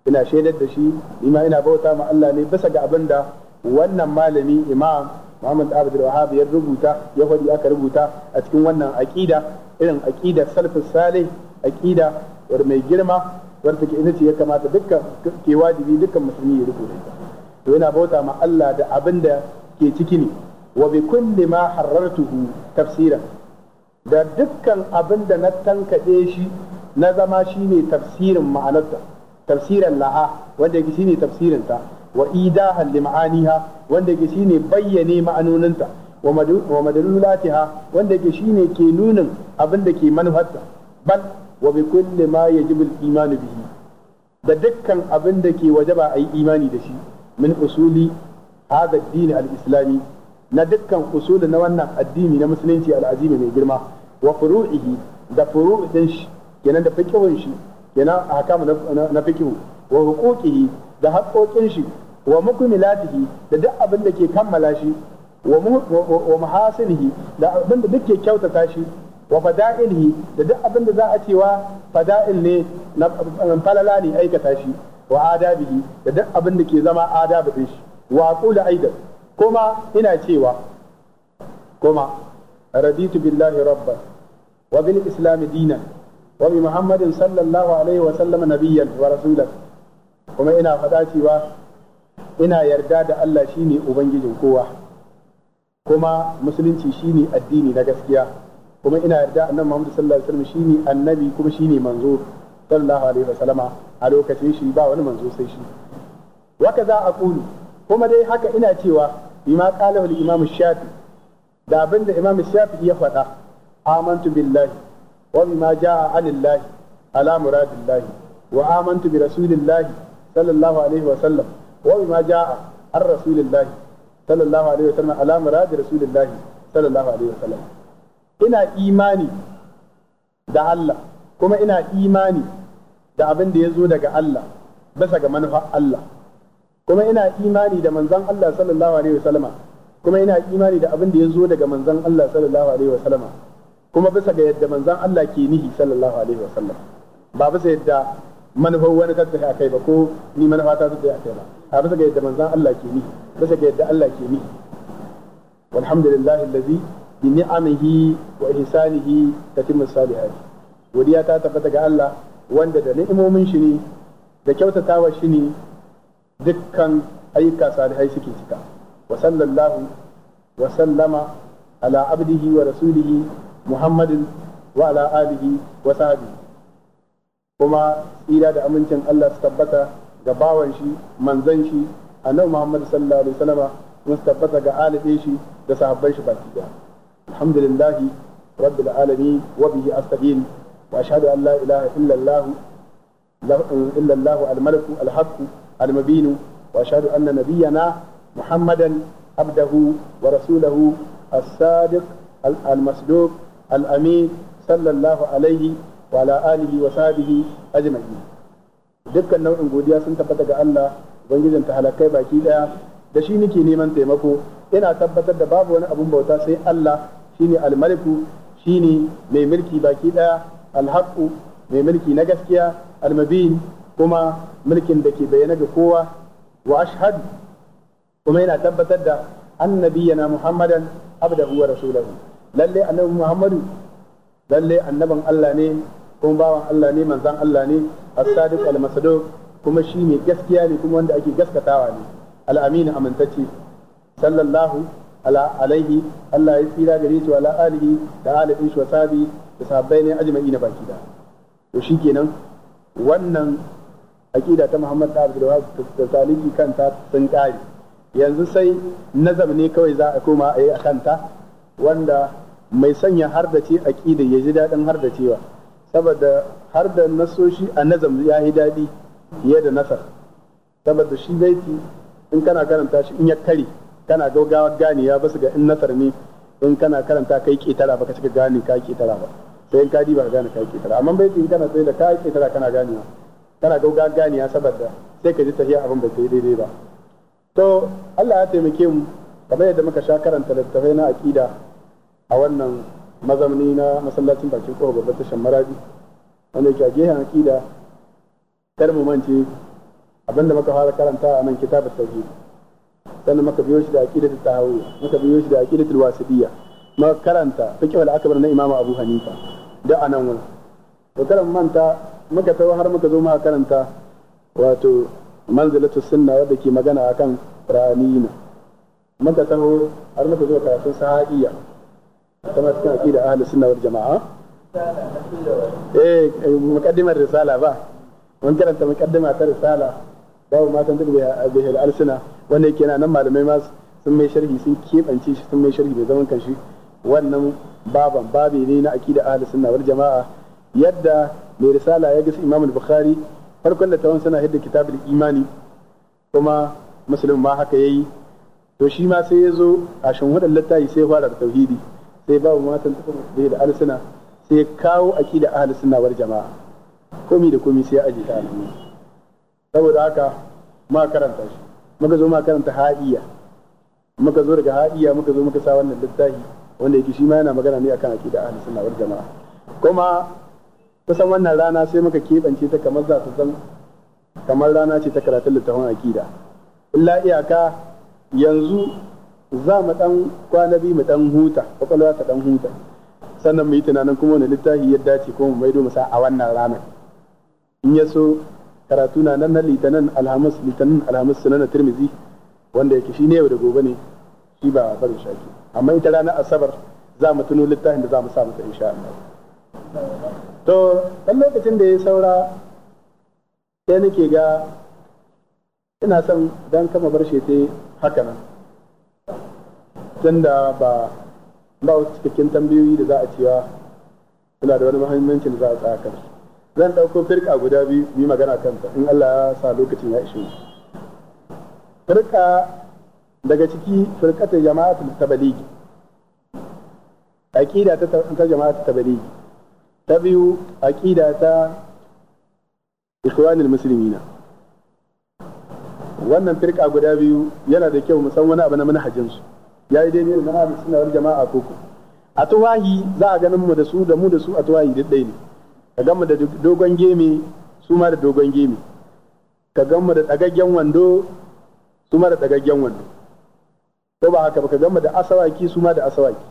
ina shaidar da shi ni ma ina bauta ma Allah ne bisa ga abinda wannan malami imam Muhammad Abdul Wahhab ya rubuta ya faɗi aka rubuta a cikin wannan aqida irin aqida salafus salih aqida war mai girma wanda take ita ce ya kamata dukkan ke wajibi dukkan musulmi ya rubuta ita to yana bauta ma Allah da abin da ke ciki ne wa bi kulli ma harrartuhu tafsiran da dukkan abin da na tankade shi na zama shine tafsirin ma'anarta tafsirin la'a wanda yake shine tafsirin ta wa idahan li ma'aniha wanda yake shine bayyane ma'anoninta wa madalulatiha wanda yake shine ke nunin abin da ke manufarta bal wa bi kulli ma yajibu al-iman bihi da dukkan abin da ke wajaba a yi imani da shi min usuli hadha ad-din al-islami na dukkan usuli na wannan addini na musulunci al-azimi mai girma wa furu'ihi da furu'in shi kenan da fiqhun shi kenan ahkamu na fiqhu wa huquqihi da haƙoƙin shi wa mukmilatihi da duk abin da ke kammala shi wa muhasinihi da abin da duk ke kyautata shi wa fada'ilihi da duk abin da za a cewa fada'il ne na falala ne aikata shi wa adabihi da duk abin da ke zama adabu din shi wa qula aidan kuma ina cewa kuma raditu billahi rabban wa bil islam dinan wa bi muhammadin sallallahu alaihi wa sallam nabiyyan wa rasulan kuma ina faɗa cewa ina yarda da Allah shine ubangijin kowa kuma musulunci shine addini na gaskiya kuma ina yarda annabi Muhammad sallallahu alaihi wasallam shine annabi kuma shine manzo sallallahu alaihi wasallama a lokacin shi ba wani manzo sai shi wa kaza aqulu kuma dai haka ina cewa bima qala al imam shafi da abinda imam shafi ya faɗa amantu billahi wa bima jaa anillahi ala muradillahi wa amantu bi rasulillahi sallallahu alaihi wasallam wa bima jaa ar rasulillahi sallallahu alaihi wasallam ala murad rasulillahi sallallahu alaihi wasallam ina imani da Allah kuma ina imani da abin da ya zo daga Allah bisa ga manufa Allah kuma ina imani da manzan Allah sallallahu alaihi wasallama kuma ina imani da abin da ya zo daga manzan Allah sallallahu alaihi wasallama kuma bisa ga yadda manzan Allah ke nihi sallallahu alaihi wasallam ba bisa yadda manufar wani ta tsaya kai ba ko ni manufa ta tsaya kai ba a bisa ga yadda manzan Allah ke nihi bisa ga yadda Allah ke nihi walhamdulillahi allazi bi ni'amihi wa ihsanihi tatimmu salihat godiya ta tabbata ga Allah wanda da ni'imomin shi ne da kyautatawa shi ne dukkan ayyuka salihai suke cika wa sallallahu wa sallama ala abdihi wa rasulihi muhammadin wa ala alihi wa sahbihi kuma tsira da amincin Allah su tabbata ga bawan shi manzon shi annabi Muhammad sallallahu alaihi wasallama tabbata ga alibe shi da sahabban shi baki daya الحمد لله رب العالمين وبه أستعين وأشهد أن لا إله إلا الله إلا الله الملك الحق المبين وأشهد أن نبينا محمدا عبده ورسوله الصادق المصدوق الأمين صلى الله عليه وعلى آله وصحبه أجمعين دكا نوع godiya sun tabbata ga Allah ubangijin ta da shi nake neman taimako ina tabbatar da babu wani abun bauta sai Allah shine al-maliku shine mai mulki baki daya al-haqu mai mulki na gaskiya al-mubin kuma mulkin da ke bayyana ga kowa wa ashhad kuma ina tabbatar da annabiyana muhammadan abdahu wa rasulahu lalle annabi muhammadu lalle annaban Allah ne kuma bawan Allah ne manzan Allah ne as-sadiq al-masduq kuma ne gaskiya ne kuma wanda ake gaskatawa ne al-amin amintacce sallallahu ala alaihi Allah ya tsira gare shi ala alihi da alihi shi wasabi da sahabbai ne ajma'i na baki da to kenan wannan aqida ta Muhammad da Abdul Wahab da Saliki kanta sun kare yanzu sai nazam ne kawai za a koma a yi a kanta wanda mai sanya har da ce aqida ya ji dadin har da cewa saboda har da nasoshi a nazam ya yi dadi fiye da nasar saboda shi baiti in kana karanta shi in ya kare kana gaugawa gane ya basu ga in nasar ne in kana karanta kai ketara baka cika gane ka ketara ba sai in ka diba gane ka ketara amma bai in kana sai da ka ketara kana ba kana gaugawa ganiya saboda sai ka ji tafiya abin ba sai daidai ba to Allah ya taimake mu kamar yadda muka sha karanta littafai na aqida a wannan mazamni na masallacin bakin kofar babbar tashar maradi wanda yake a gehen aqida kar mu mance abinda muka fara karanta a nan kitabut tauhid sannan muka biyo shi da aqidatul tahawiyya muka biyo shi da aqidatul wasidiyya muka karanta fiqh al-akbar na imamu abu hanifa da anan wani to karan manta muka tawo har muka zo muka karanta wato manzilatu sunna wadda ke magana akan ranina muka tawo har muka zo karatun sahabiyya kamar cikin aqida ahli sunna wal jamaa eh muqaddimar risala ba mun karanta muqaddima ta risala babu ma san bihi al-alsina wanda yake nan malamai ma sun mai sharhi sun kebance shi sun mai sharhi bai zaman kanshi wannan baban babi ne na aqida ahlus sunna wal jamaa yadda mai risala ya gisa imam al-bukhari farkon da tawon sana hidda kitabul imani kuma muslim ma haka yayi to shi ma sai ya zo a shimfiɗar littafi sai fara da tauhidi sai babu matan tafi da alsuna sai kawo aqida ahlus sunna wal jamaa komi da komi sai ya aje ta alamu saboda haka ma karanta shi muka zo ma karanta hadiya muka zo daga hadiya muka zo muka sa wannan littafi wanda yake shi ma yana magana ne akan aqida ahli sunna wal jamaa kuma kusan wannan rana sai muka kebance ta kamar za ta san kamar rana ce ta karatun littafin aqida illa iyaka yanzu za mu dan kwana bi mu dan huta kwakwalwa ta dan huta sannan mu yi tunanin kuma wani littafi ya dace ko mu maido mu sa a wannan ranar in ya so karatu na nan na litanin alhamis litanin alhamis sunan na tirmizi wanda yake shi ne yau da gobe ne shi ba barin shaki amma ita ranar asabar za mu tuno littafin da za mu sa mata insha Allah to dan lokacin da ya saura sai nake ga ina son dan kama bar shete haka nan tunda ba ba wasu cikakken tambayoyi da za a cewa suna da wani muhimmancin da za a tsaya kansu zan ɗauko firka guda biyu yi magana kanta in Allah ya sa lokacin ya ishe firka daga ciki firkatar jama'atul tabaligi aqida ta ta jama'atul tabaligi ta biyu aqida ta ikhwanul muslimina wannan firka guda biyu yana da kyau musamman abu na su ya yi daidai da manhajin suna jama'a koko a tuwahi za a ganin mu da su da mu da su a tuwahi duk ɗaya ne ka gama da dogon gemi su ma da dogon gemi ka gama da tsagaggen wando su ma da tsagaggen wando ko ba haka ba ka gama da asawaki su ma da asawaki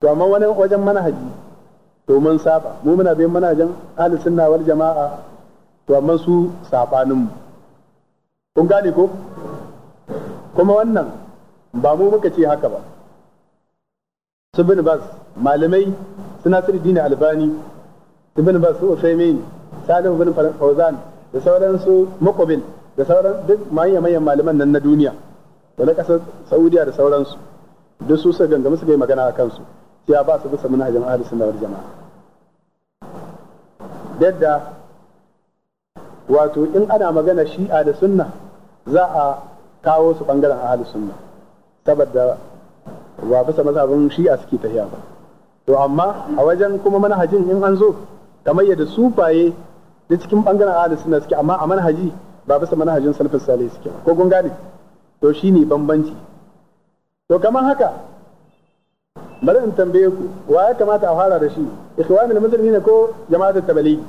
to amma wani wajen manhaji to mun saba mu muna bayan manhajin ahlus sunna wal jama'a to amma su sabanin mu kun gane ko kuma wannan ba mu muka ce haka ba su bin bas malamai suna tsiri dini albani ibn basu usaimin salihu ibn fauzan da sauransu muqbil da sauran duk manyan manyan malaman nan na duniya da na kasar saudiya da sauransu duk su sai ganga suka yi magana a kansu cewa ba su bisa manhajin ahli sunna wal jama'a dadda wato in ana magana shi'a da sunna za a kawo su bangaren ahli sunna saboda ba bisa mazhabin shi'a suke tafiya ba to amma a wajen kuma manhajin in an zo kamar yadda sufaye da cikin bangaren ahli sunna suke amma a manhaji ba bisa manhajin salafus salih suke ko kun gane to shine bambanci to kamar haka bari in tambaye ku wa ya kamata a fara da shi ikhwanul muslimin ko jama'atul tabligh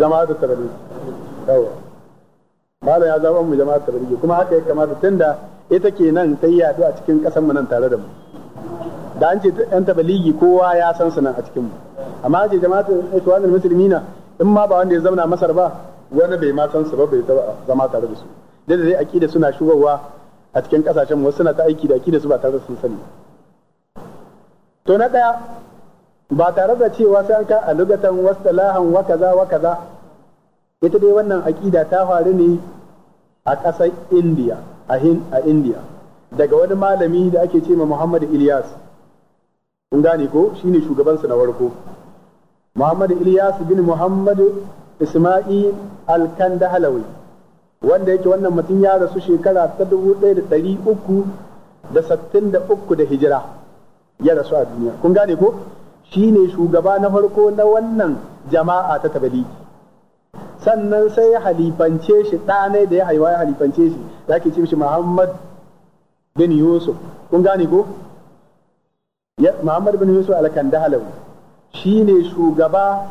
jama'atul tabligh yawa malam ya zaba mu jama'atul tabligh kuma haka ya kamata tunda ita kenan ta yi yaɗu a cikin kasan mu nan tare da mu da an ce yan tabaligi kowa ya san su nan a cikin mu amma an ce jama'atul ikhwanul muslimina in ma ba wanda ya zauna masar ba wani bai ma san su ba bai zama tare da su da dai akida suna shugowa a cikin kasashen wasu suna ta aiki da akida su ba tare da sun sani to na daya ba tare da cewa sai an ka alugatan wastalahan wa kaza wa kaza ita dai wannan akida ta faru ne a ƙasar India a Hin a India daga wani malami da ake ce ma Muhammad Ilyas kun gane ko shine shugabansu na warko Muhammad Ilyas bin Muhammad Isma'il Al-Kandahalawi wanda yake wannan mutum ya rasu shekara ta dubu ɗaya da ɗari uku da sattin da uku da hijira ya rasu a duniya kun gane ko shine shugaba na farko na wannan jama'a ta tabaliki sannan sai ya halifance shi ɗane da ya haiwa ya halifance shi da ake ce shi Muhammad bin Yusuf kun gane ko Muhammad bin Yusuf al-Kandahalawi shine shugaba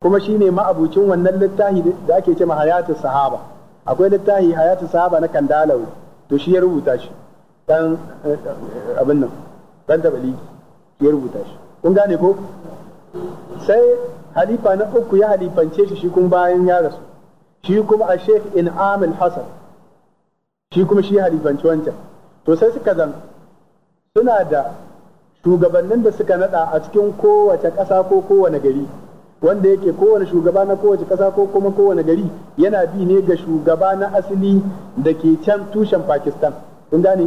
kuma shine ma'abucin wannan littafi da ake ce hayatu sahaba akwai littafi hayatu sahaba na Kandahalawi to shi ya rubuta shi dan eh, abin nan dan tabali ya rubuta shi kun gane ko sai halifa na uku ya halifance shi shi kuma bayan ya rasu shi kuma a Sheikh in amil hasan shi kuma shi halifanci wancan to sai suka zan suna da shugabannin da suka nada a cikin kowace ƙasa ko kowane gari wanda yake kowane shugaba na kowace ƙasa ko kuma kowane gari yana bi ne ga shugaba na asali da ke can tushen Pakistan kun gane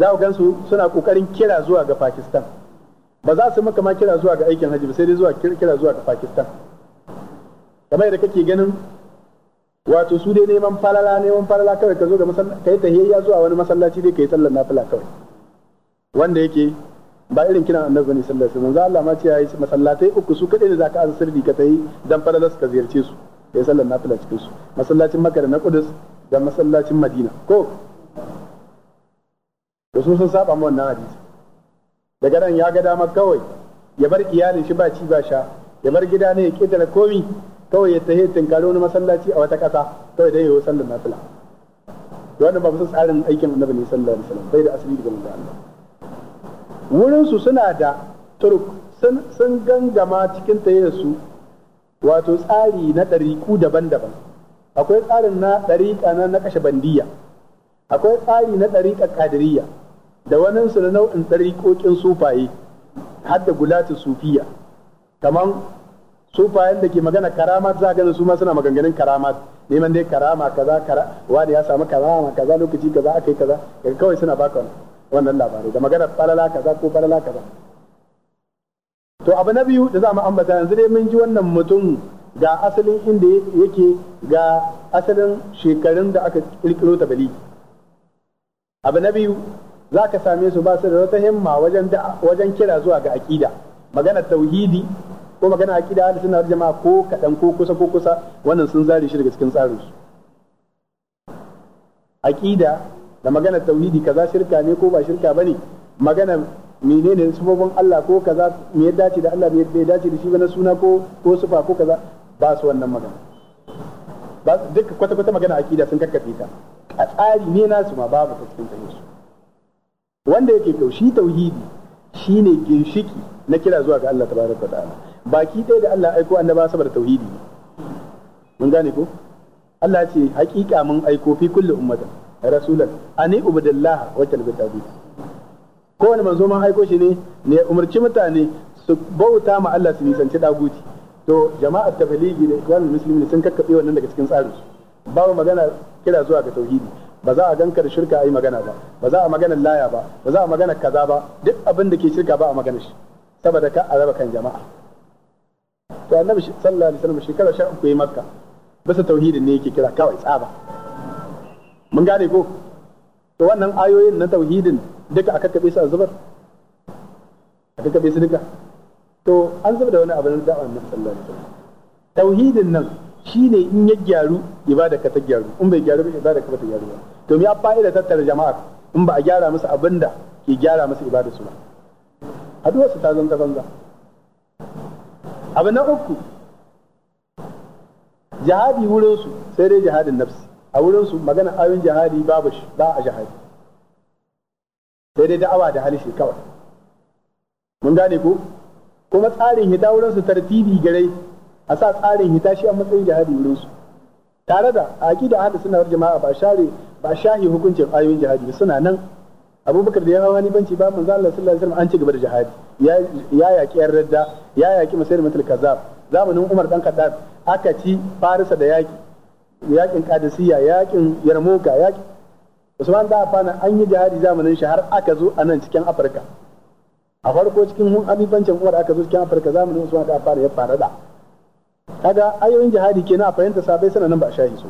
za ku gansu suna kokarin kira zuwa ga Pakistan ba za su maka ma kira zuwa ga aikin hajji ba sai dai zuwa kira zuwa ga Pakistan kamar yadda kake ganin wato su dai neman falala neman falala kawai ka zo ga masallaci kai tahiyya zuwa wani masallaci dai kai sallar nafila kawai wanda yake ba irin kiran annabi ne sallallahu alaihi wasallam Allah ma ce yayi masallatai uku su kadai da zaka azu sirri ka tayi dan falalas ka ziyarce su kai sallan nafila cikin su masallacin Makka da na Qudus da masallacin Madina ko to su sun saba wannan hadisi daga nan ya ga dama kawai ya bar iyalin shi ba ci ba sha ya bar gida ne ya ketare komi kawai ya tahe tinkari wani masallaci a wata ƙasa kawai dai yayi sallar nafila wannan ba su tsarin aikin annabi ne sallallahu alaihi wasallam bai da asiri daga manzo Allah Wurinsu suna da turk sun gangama cikin tayyar su wato tsari na ɗariƙu daban-daban akwai tsarin na ɗariƙa na na kashe bandiya akwai tsari na ɗariƙa kadiriya da wani su na nau'in ɗariƙoƙin sufaye har da gulatu sufiya kamar sufayen da ke magana karamat za gani su ma suna maganganun karamat neman dai karama kaza kara wani ya samu karama kaza lokaci kaza akai kaza kawai suna baka wani wannan labarai da maganar falala kaza ko falala kaza to abu na biyu da za mu ambata yanzu dai mun ji wannan mutum ga asalin inda yake ga asalin shekarun da aka kirkiro ta bali abu na biyu za ka same su ba su da wata himma wajen wajen kira zuwa ga aƙida maganar tauhidi ko magana aƙida suna da jama'a ko kaɗan ko kusa ko kusa wannan sun zare shi daga cikin tsarin su aƙida da magana tauhidi kaza shirka ne ko ba shirka bane magana menene sifofin Allah ko kaza me ya dace da Allah me ya dace da shi ba na suna ko ko sufa ko kaza ba su wannan magana ba duka kwata kwata magana akida sun kakkafe ta a tsari ne nasu ma babu ta cikin tsayin su wanda yake kyau shi tauhidi shine ginshiki na kira zuwa ga Allah tabaraka ta'ala baki ɗaya da Allah aiko annaba saboda tauhidi mun gane ko Allah ce hakika mun aiko fi kulli ummatin rasulan ani ubudillah wa talbita wani manzo man aiko shi ne ne umarci mutane su bauta ma Allah su nisanci daguti to jama'ar tabligi da ikwanul muslimin sun kakkabe wannan daga cikin tsarin su babu magana kira zuwa ga tauhidi ba za a ganka da shirka ai magana ba ba za a magana laya ba ba za a magana kaza ba duk abin da ke shirka ba a magana shi saboda ka araba kan jama'a to annabi sallallahu alaihi wasallam shekara 13 yayi makka bisa tauhidin ne yake kira kawai tsaba mun gane ko to wannan ayoyin na tauhidin duka aka kabe su a zubar aka kabe su duka to an zubar da wani abu na da'awar annabi sallallahu alaihi wasallam tauhidin nan shine in ya gyaru ibada ka ta gyaru in bai gyaru ba ibada ka ba ta gyaru ba to me ya fa'ida tattara jama'a in ba a gyara musu abinda ke gyara musu ibada su ba haduwar su ta zanta banza abu na uku jihadi wurin su sai dai jihadin nafsi a wurin su magana ayoyin jihadi babu shi ba a jihadi sai dai da'awa da halishi kawai mun gane ku? kuma tsarin hita wurin su tartibi gare a sa tsarin hita shi a matsayin jihadi wurin su tare da da hada suna wajen jama'a ba share ba shahi hukuncin ayoyin jihadi suna nan abubakar da ya hawa ni banci ba mun zalla sallallahu alaihi wasallam an ci gaba da jihadi ya yaki yar radda ya yaki mutul kazzab zamanin Umar dan Khattab aka ci Farisa da yaki yakin kadisiya yakin yarmoka yakin usman da afana an yi jihadi zamanin shi har aka zo a nan cikin afirka a farko cikin hun abibancin umar aka zo cikin afirka zamanin usman da afana ya fara da kaga ayoyin jihadi kenan a fahimta sabai sana nan ba a shahi su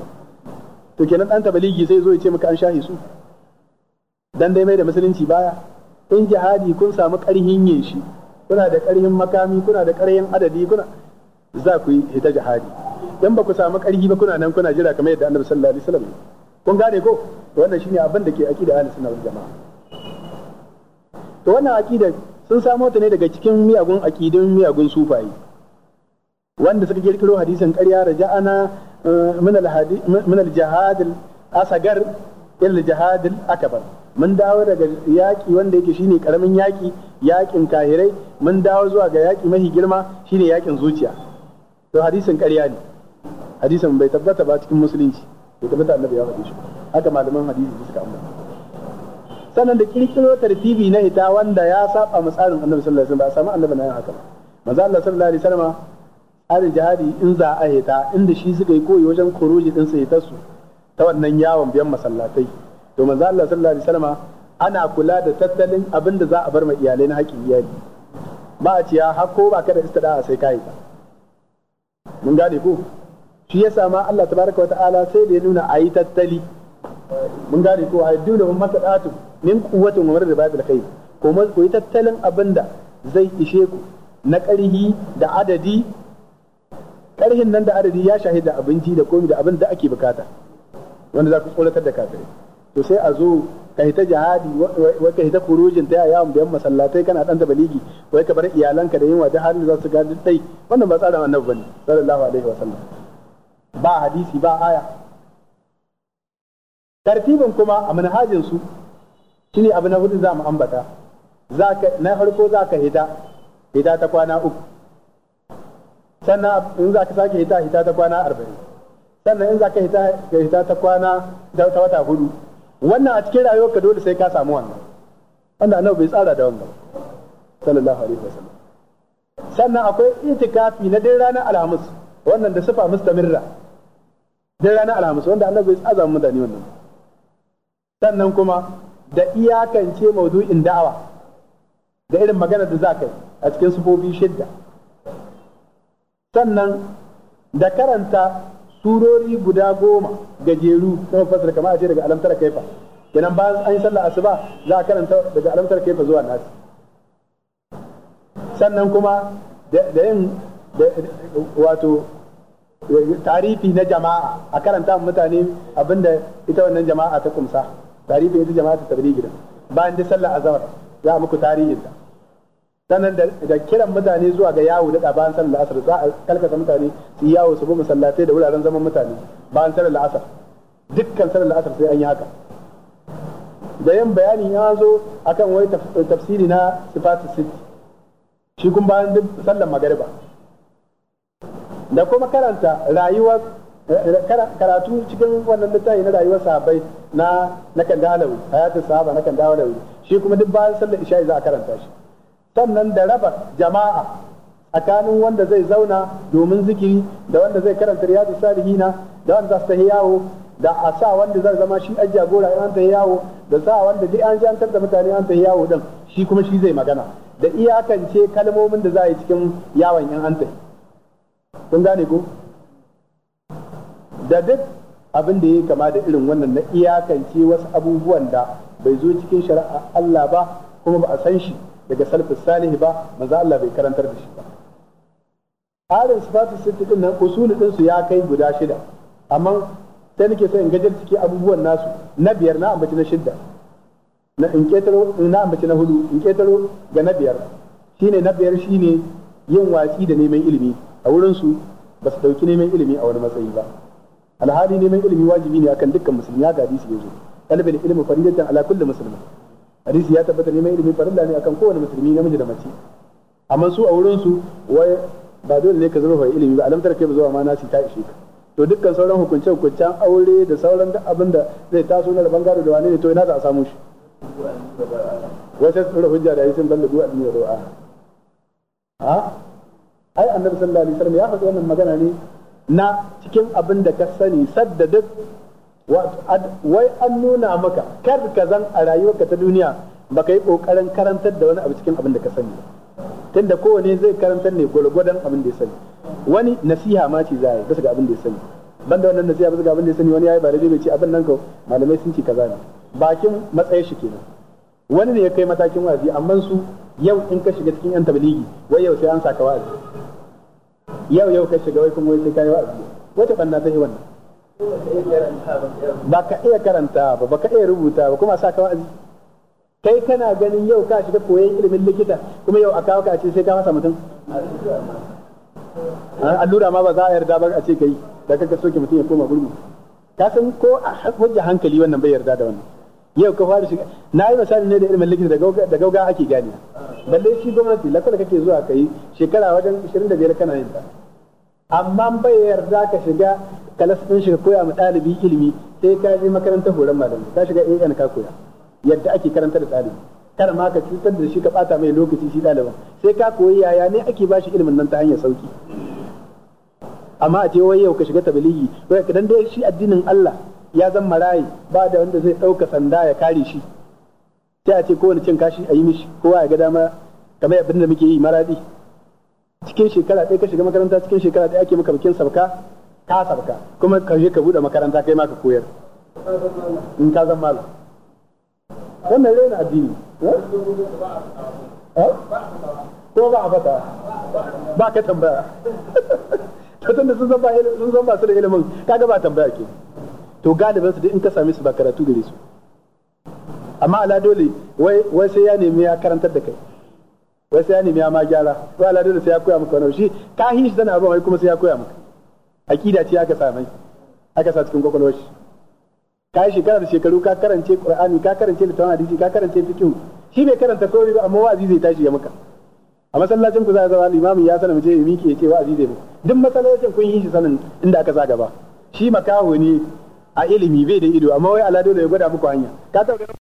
to kenan dan tabaligi sai zo ya ce maka an shahi su dan dai mai da musulunci baya in jihadi kun samu karhin yin shi kuna da karhin makami kuna da karhin adadi kuna za ku yi hita jihadi dan ba ku samu ƙarfi ba kuna nan kuna jira kamar yadda Annabi sallallahu alaihi wasallam kun gane ko to wannan shine abin da ke aqida ahli sunna wal jamaa to wannan aqida sun samo ta ne daga cikin miyagun aqidun miyagun sufayi wanda suka kirkiro hadisin ƙarya raja'ana eh, min al min al jihad al asagar ila jihad al akbar mun dawo daga yaƙi wanda yake shine karamin yaƙi yaƙin kahirai mun dawo zuwa ga yaƙi mahi girma shine yaƙin zuciya to hadisin ƙarya ne hadisin bai tabbata ba cikin musulunci bai tabbata annabi ya faɗi shi haka malaman hadisi suka amma. sannan da kirkiro tartibi na ita wanda ya saba mu tsarin annabi sallallahu alaihi wasallam ba a samu annabi na yin haka ba manzo Allah sallallahu alaihi wasallam tsarin jihadi in za a hita inda shi suka yi koyi wajen kuruji din sai su ta wannan yawon biyan masallatai to manzo Allah sallallahu alaihi wasallam ana kula da tattalin abin da za a bar ma iyalai na haƙin iyali ba a ciya hakko ba ka da istida sai kai mun gane ko shi yasa ma Allah tabaraka wata'ala sai da ya nuna a yi tattali mun gane ko a dole mun masadatu min kuwatin wa marad babil khair ko mun koyi tattalin abinda zai ishe ku na ƙarhi da adadi ƙarhin nan da adadi ya shahida abinci da komi da abin da ake bukata wanda za ku tsoratar da kafirai to sai a zo ka hita jihadi wai ka hita kurujin ta yawon biyan masallatai kana dan baligi wai ka bar iyalanka da yin wa halin za su gadi dai wannan ba tsarin annabi bane sallallahu alaihi wasallam ba hadisi ba aya tartibin kuma a manhajin su shine abu na hudu za mu ambata zaka na farko zaka hita hita ta kwana uku sannan in zaka sake hita hita ta kwana arba'in sannan in zaka hita hita ta kwana ta wata hudu wannan a cikin rayuwar ka dole sai ka samu wannan wanda annabi bai tsara da wannan sallallahu alaihi wasallam sannan akwai itikafi na dai ranar alhamis wannan da sifa mustamirra da rana alhamis wanda annabi ya tsaza mutane wannan sannan kuma da iyakance maudu'in da'awa da irin magana da za ka yi a cikin sufofi shidda sannan da karanta surori guda goma gajeru na fasar kama a ce daga alamtar kaifa kenan bayan an yi sallah asuba za a karanta daga alamtar kaifa zuwa nasi sannan kuma da yin wato tarifi na jama'a a karanta mutane abinda ita wannan jama'a ta kumsa tarifi ita jama'a ta tabligi gidan bayan da sallar azhar za muku tarihin ta sannan da kiran mutane zuwa ga yawo da bayan sallar asar za a kalkata mutane su yawo su bi masallatai da wuraren zaman mutane bayan sallar asar dukkan sallar asar sai an yi haka da yin bayani ya zo akan wai tafsiri na sifatu sitti shi kun bayan sallar magariba da kuma karanta rayuwar eh, eh, karatu cikin wannan littafi na rayuwar sahabbai na na kandalawi hayatul sahaba na kandalawi shi kuma duk bayan sallar isha'i za a karanta shi sannan da raba jama'a tsakanin wanda zai zauna domin zikiri da wanda zai karanta riyadu salihina da wanda za su yawo da a sa wanda zai zama shi an jagora an tafi yawo da sa wanda duk an jantar da mutane an tafi yawo din shi kuma shi zai magana da iyakance kalmomin da za a yi cikin yawon yan antai kun gane ko da duk abin da ya yi kama da irin wannan na iyakance wasu abubuwan da bai zo cikin shari'a Allah ba kuma ba a san shi daga salafus salihi ba manzo Allah bai karantar da shi ba su sifatu sitti din nan usuli din su ya kai guda shida amma sai nake so in gajar ciki abubuwan nasu na biyar na ambaci na shidda na in ketaro na ambaci na hudu in ketaro ga na biyar shine na biyar shine yin watsi da neman ilimi a wurin su ba su dauki neman ilimi a wani matsayi ba alhali neman ilimi wajibi ne akan dukkan musulmi ya gadi su yanzu talibin ilimi faridatan ala kulli musulmi hadisi ya tabbata neman ilimi farilla ne akan kowane musulmi namiji da mace amma su a wurin su wai ba dole ne ka zama zurfa ilimi ba alamtar kai ba zuwa ma nasi ta ishe ka to dukkan sauran hukunce hukuncen aure da sauran duk abin da zai taso na rabon gado da wane ne to ina za a samu shi Wasu tsura hujja da yi sun duwa a duniyar ro'a ai annabi sallallahu alaihi wasallam ya faɗi wannan magana ne na cikin abin da ka sani sadda duk wai an nuna maka kar ka zan a rayuwarka ta duniya baka yi kokarin karantar da wani abu cikin abin da ka sani tunda kowane zai karantar ne gwargwadon abin da ya sani wani nasiha ma ce za a yi bisa ga abin da ya sani ban da wannan nasiha bisa ga abin da ya sani wani yi ba da bai ce abin nan ko malamai sun ce kaza ne bakin matsayin shi kenan wani ne ya kai matakin wazi amma su yau in ka shiga cikin yan tabligi wai yau sai an saka wazi yau yau ka shiga wai kuma wai sai kai wa'azi wata banna ta yi wannan ba ka iya karanta ba ba ka iya rubuta ba kuma sa ka wa'azi kai kana ganin yau ka shiga koyon ilimin likita kuma yau a kawo ka a ce sai ka fasa mutum ah, allura ma ba za a yarda ba a ce kai da kaka soke mutum ya koma gurbi ka san ko a hujja hankali wannan bai yarda da wannan yau ka fara shiga na yi misali ne da ilimin likita da gauga ake gane balle shi gwamnati lakwada kake zuwa ka yi shekara wajen 25 kana yin ta amma bai yarda ka shiga kalas din shiga koya ma ɗalibi ilimi sai ka je makarantar horon malami ka shiga AN ka koya yadda ake karanta da ɗalibi kar ma ka cutar da shi ka ɓata mai lokaci shi ɗaliban sai ka koyi yaya ne ake bashi ilimin nan ta hanyar sauki amma a ce wai yau ka shiga tabligi wai dan dai shi addinin Allah ya zan marayi ba da wanda zai ɗauka sanda ya kare shi sai a ce kowane cin kashi a yi mishi kowa ya ga dama kamar abin da muke yi maradi cikin shekara ɗaya ka shiga makaranta cikin shekara ɗaya ake maka bikin sabka ka sabka kuma ka je ka buɗe makaranta kai ma ka koyar in ka zan malam wannan na addini eh? Eh? ko ba a fata ba ka tambaya ta tunda sun ba sun san ba su da ilimin kaga ba tambaya ke to galibin su in ka same su ba karatu gare su amma ala dole wai wai sai ya nemi ya karantar da kai wai sai ya nemi ya ma gyara wai ala dole sai ya koya maka wani shi ka hin shi tana abin kuma sai ya koya maka aqida ce aka same mai aka sa cikin kwakwalwar shi ka shekara da shekaru ka karance qur'ani ka karance littafin hadisi ka karance fiqh shi bai karanta komai ba amma wa'azi zai tashi ya maka a masallacin ku za a zama limamin ya sanar mace ya miƙe ya ce wa'azi zai duk masallacin kun yi shi sanin inda aka sa gaba shi makaho ne a ilimi bai da ido amma wai ala dole ya gwada muku hanya ka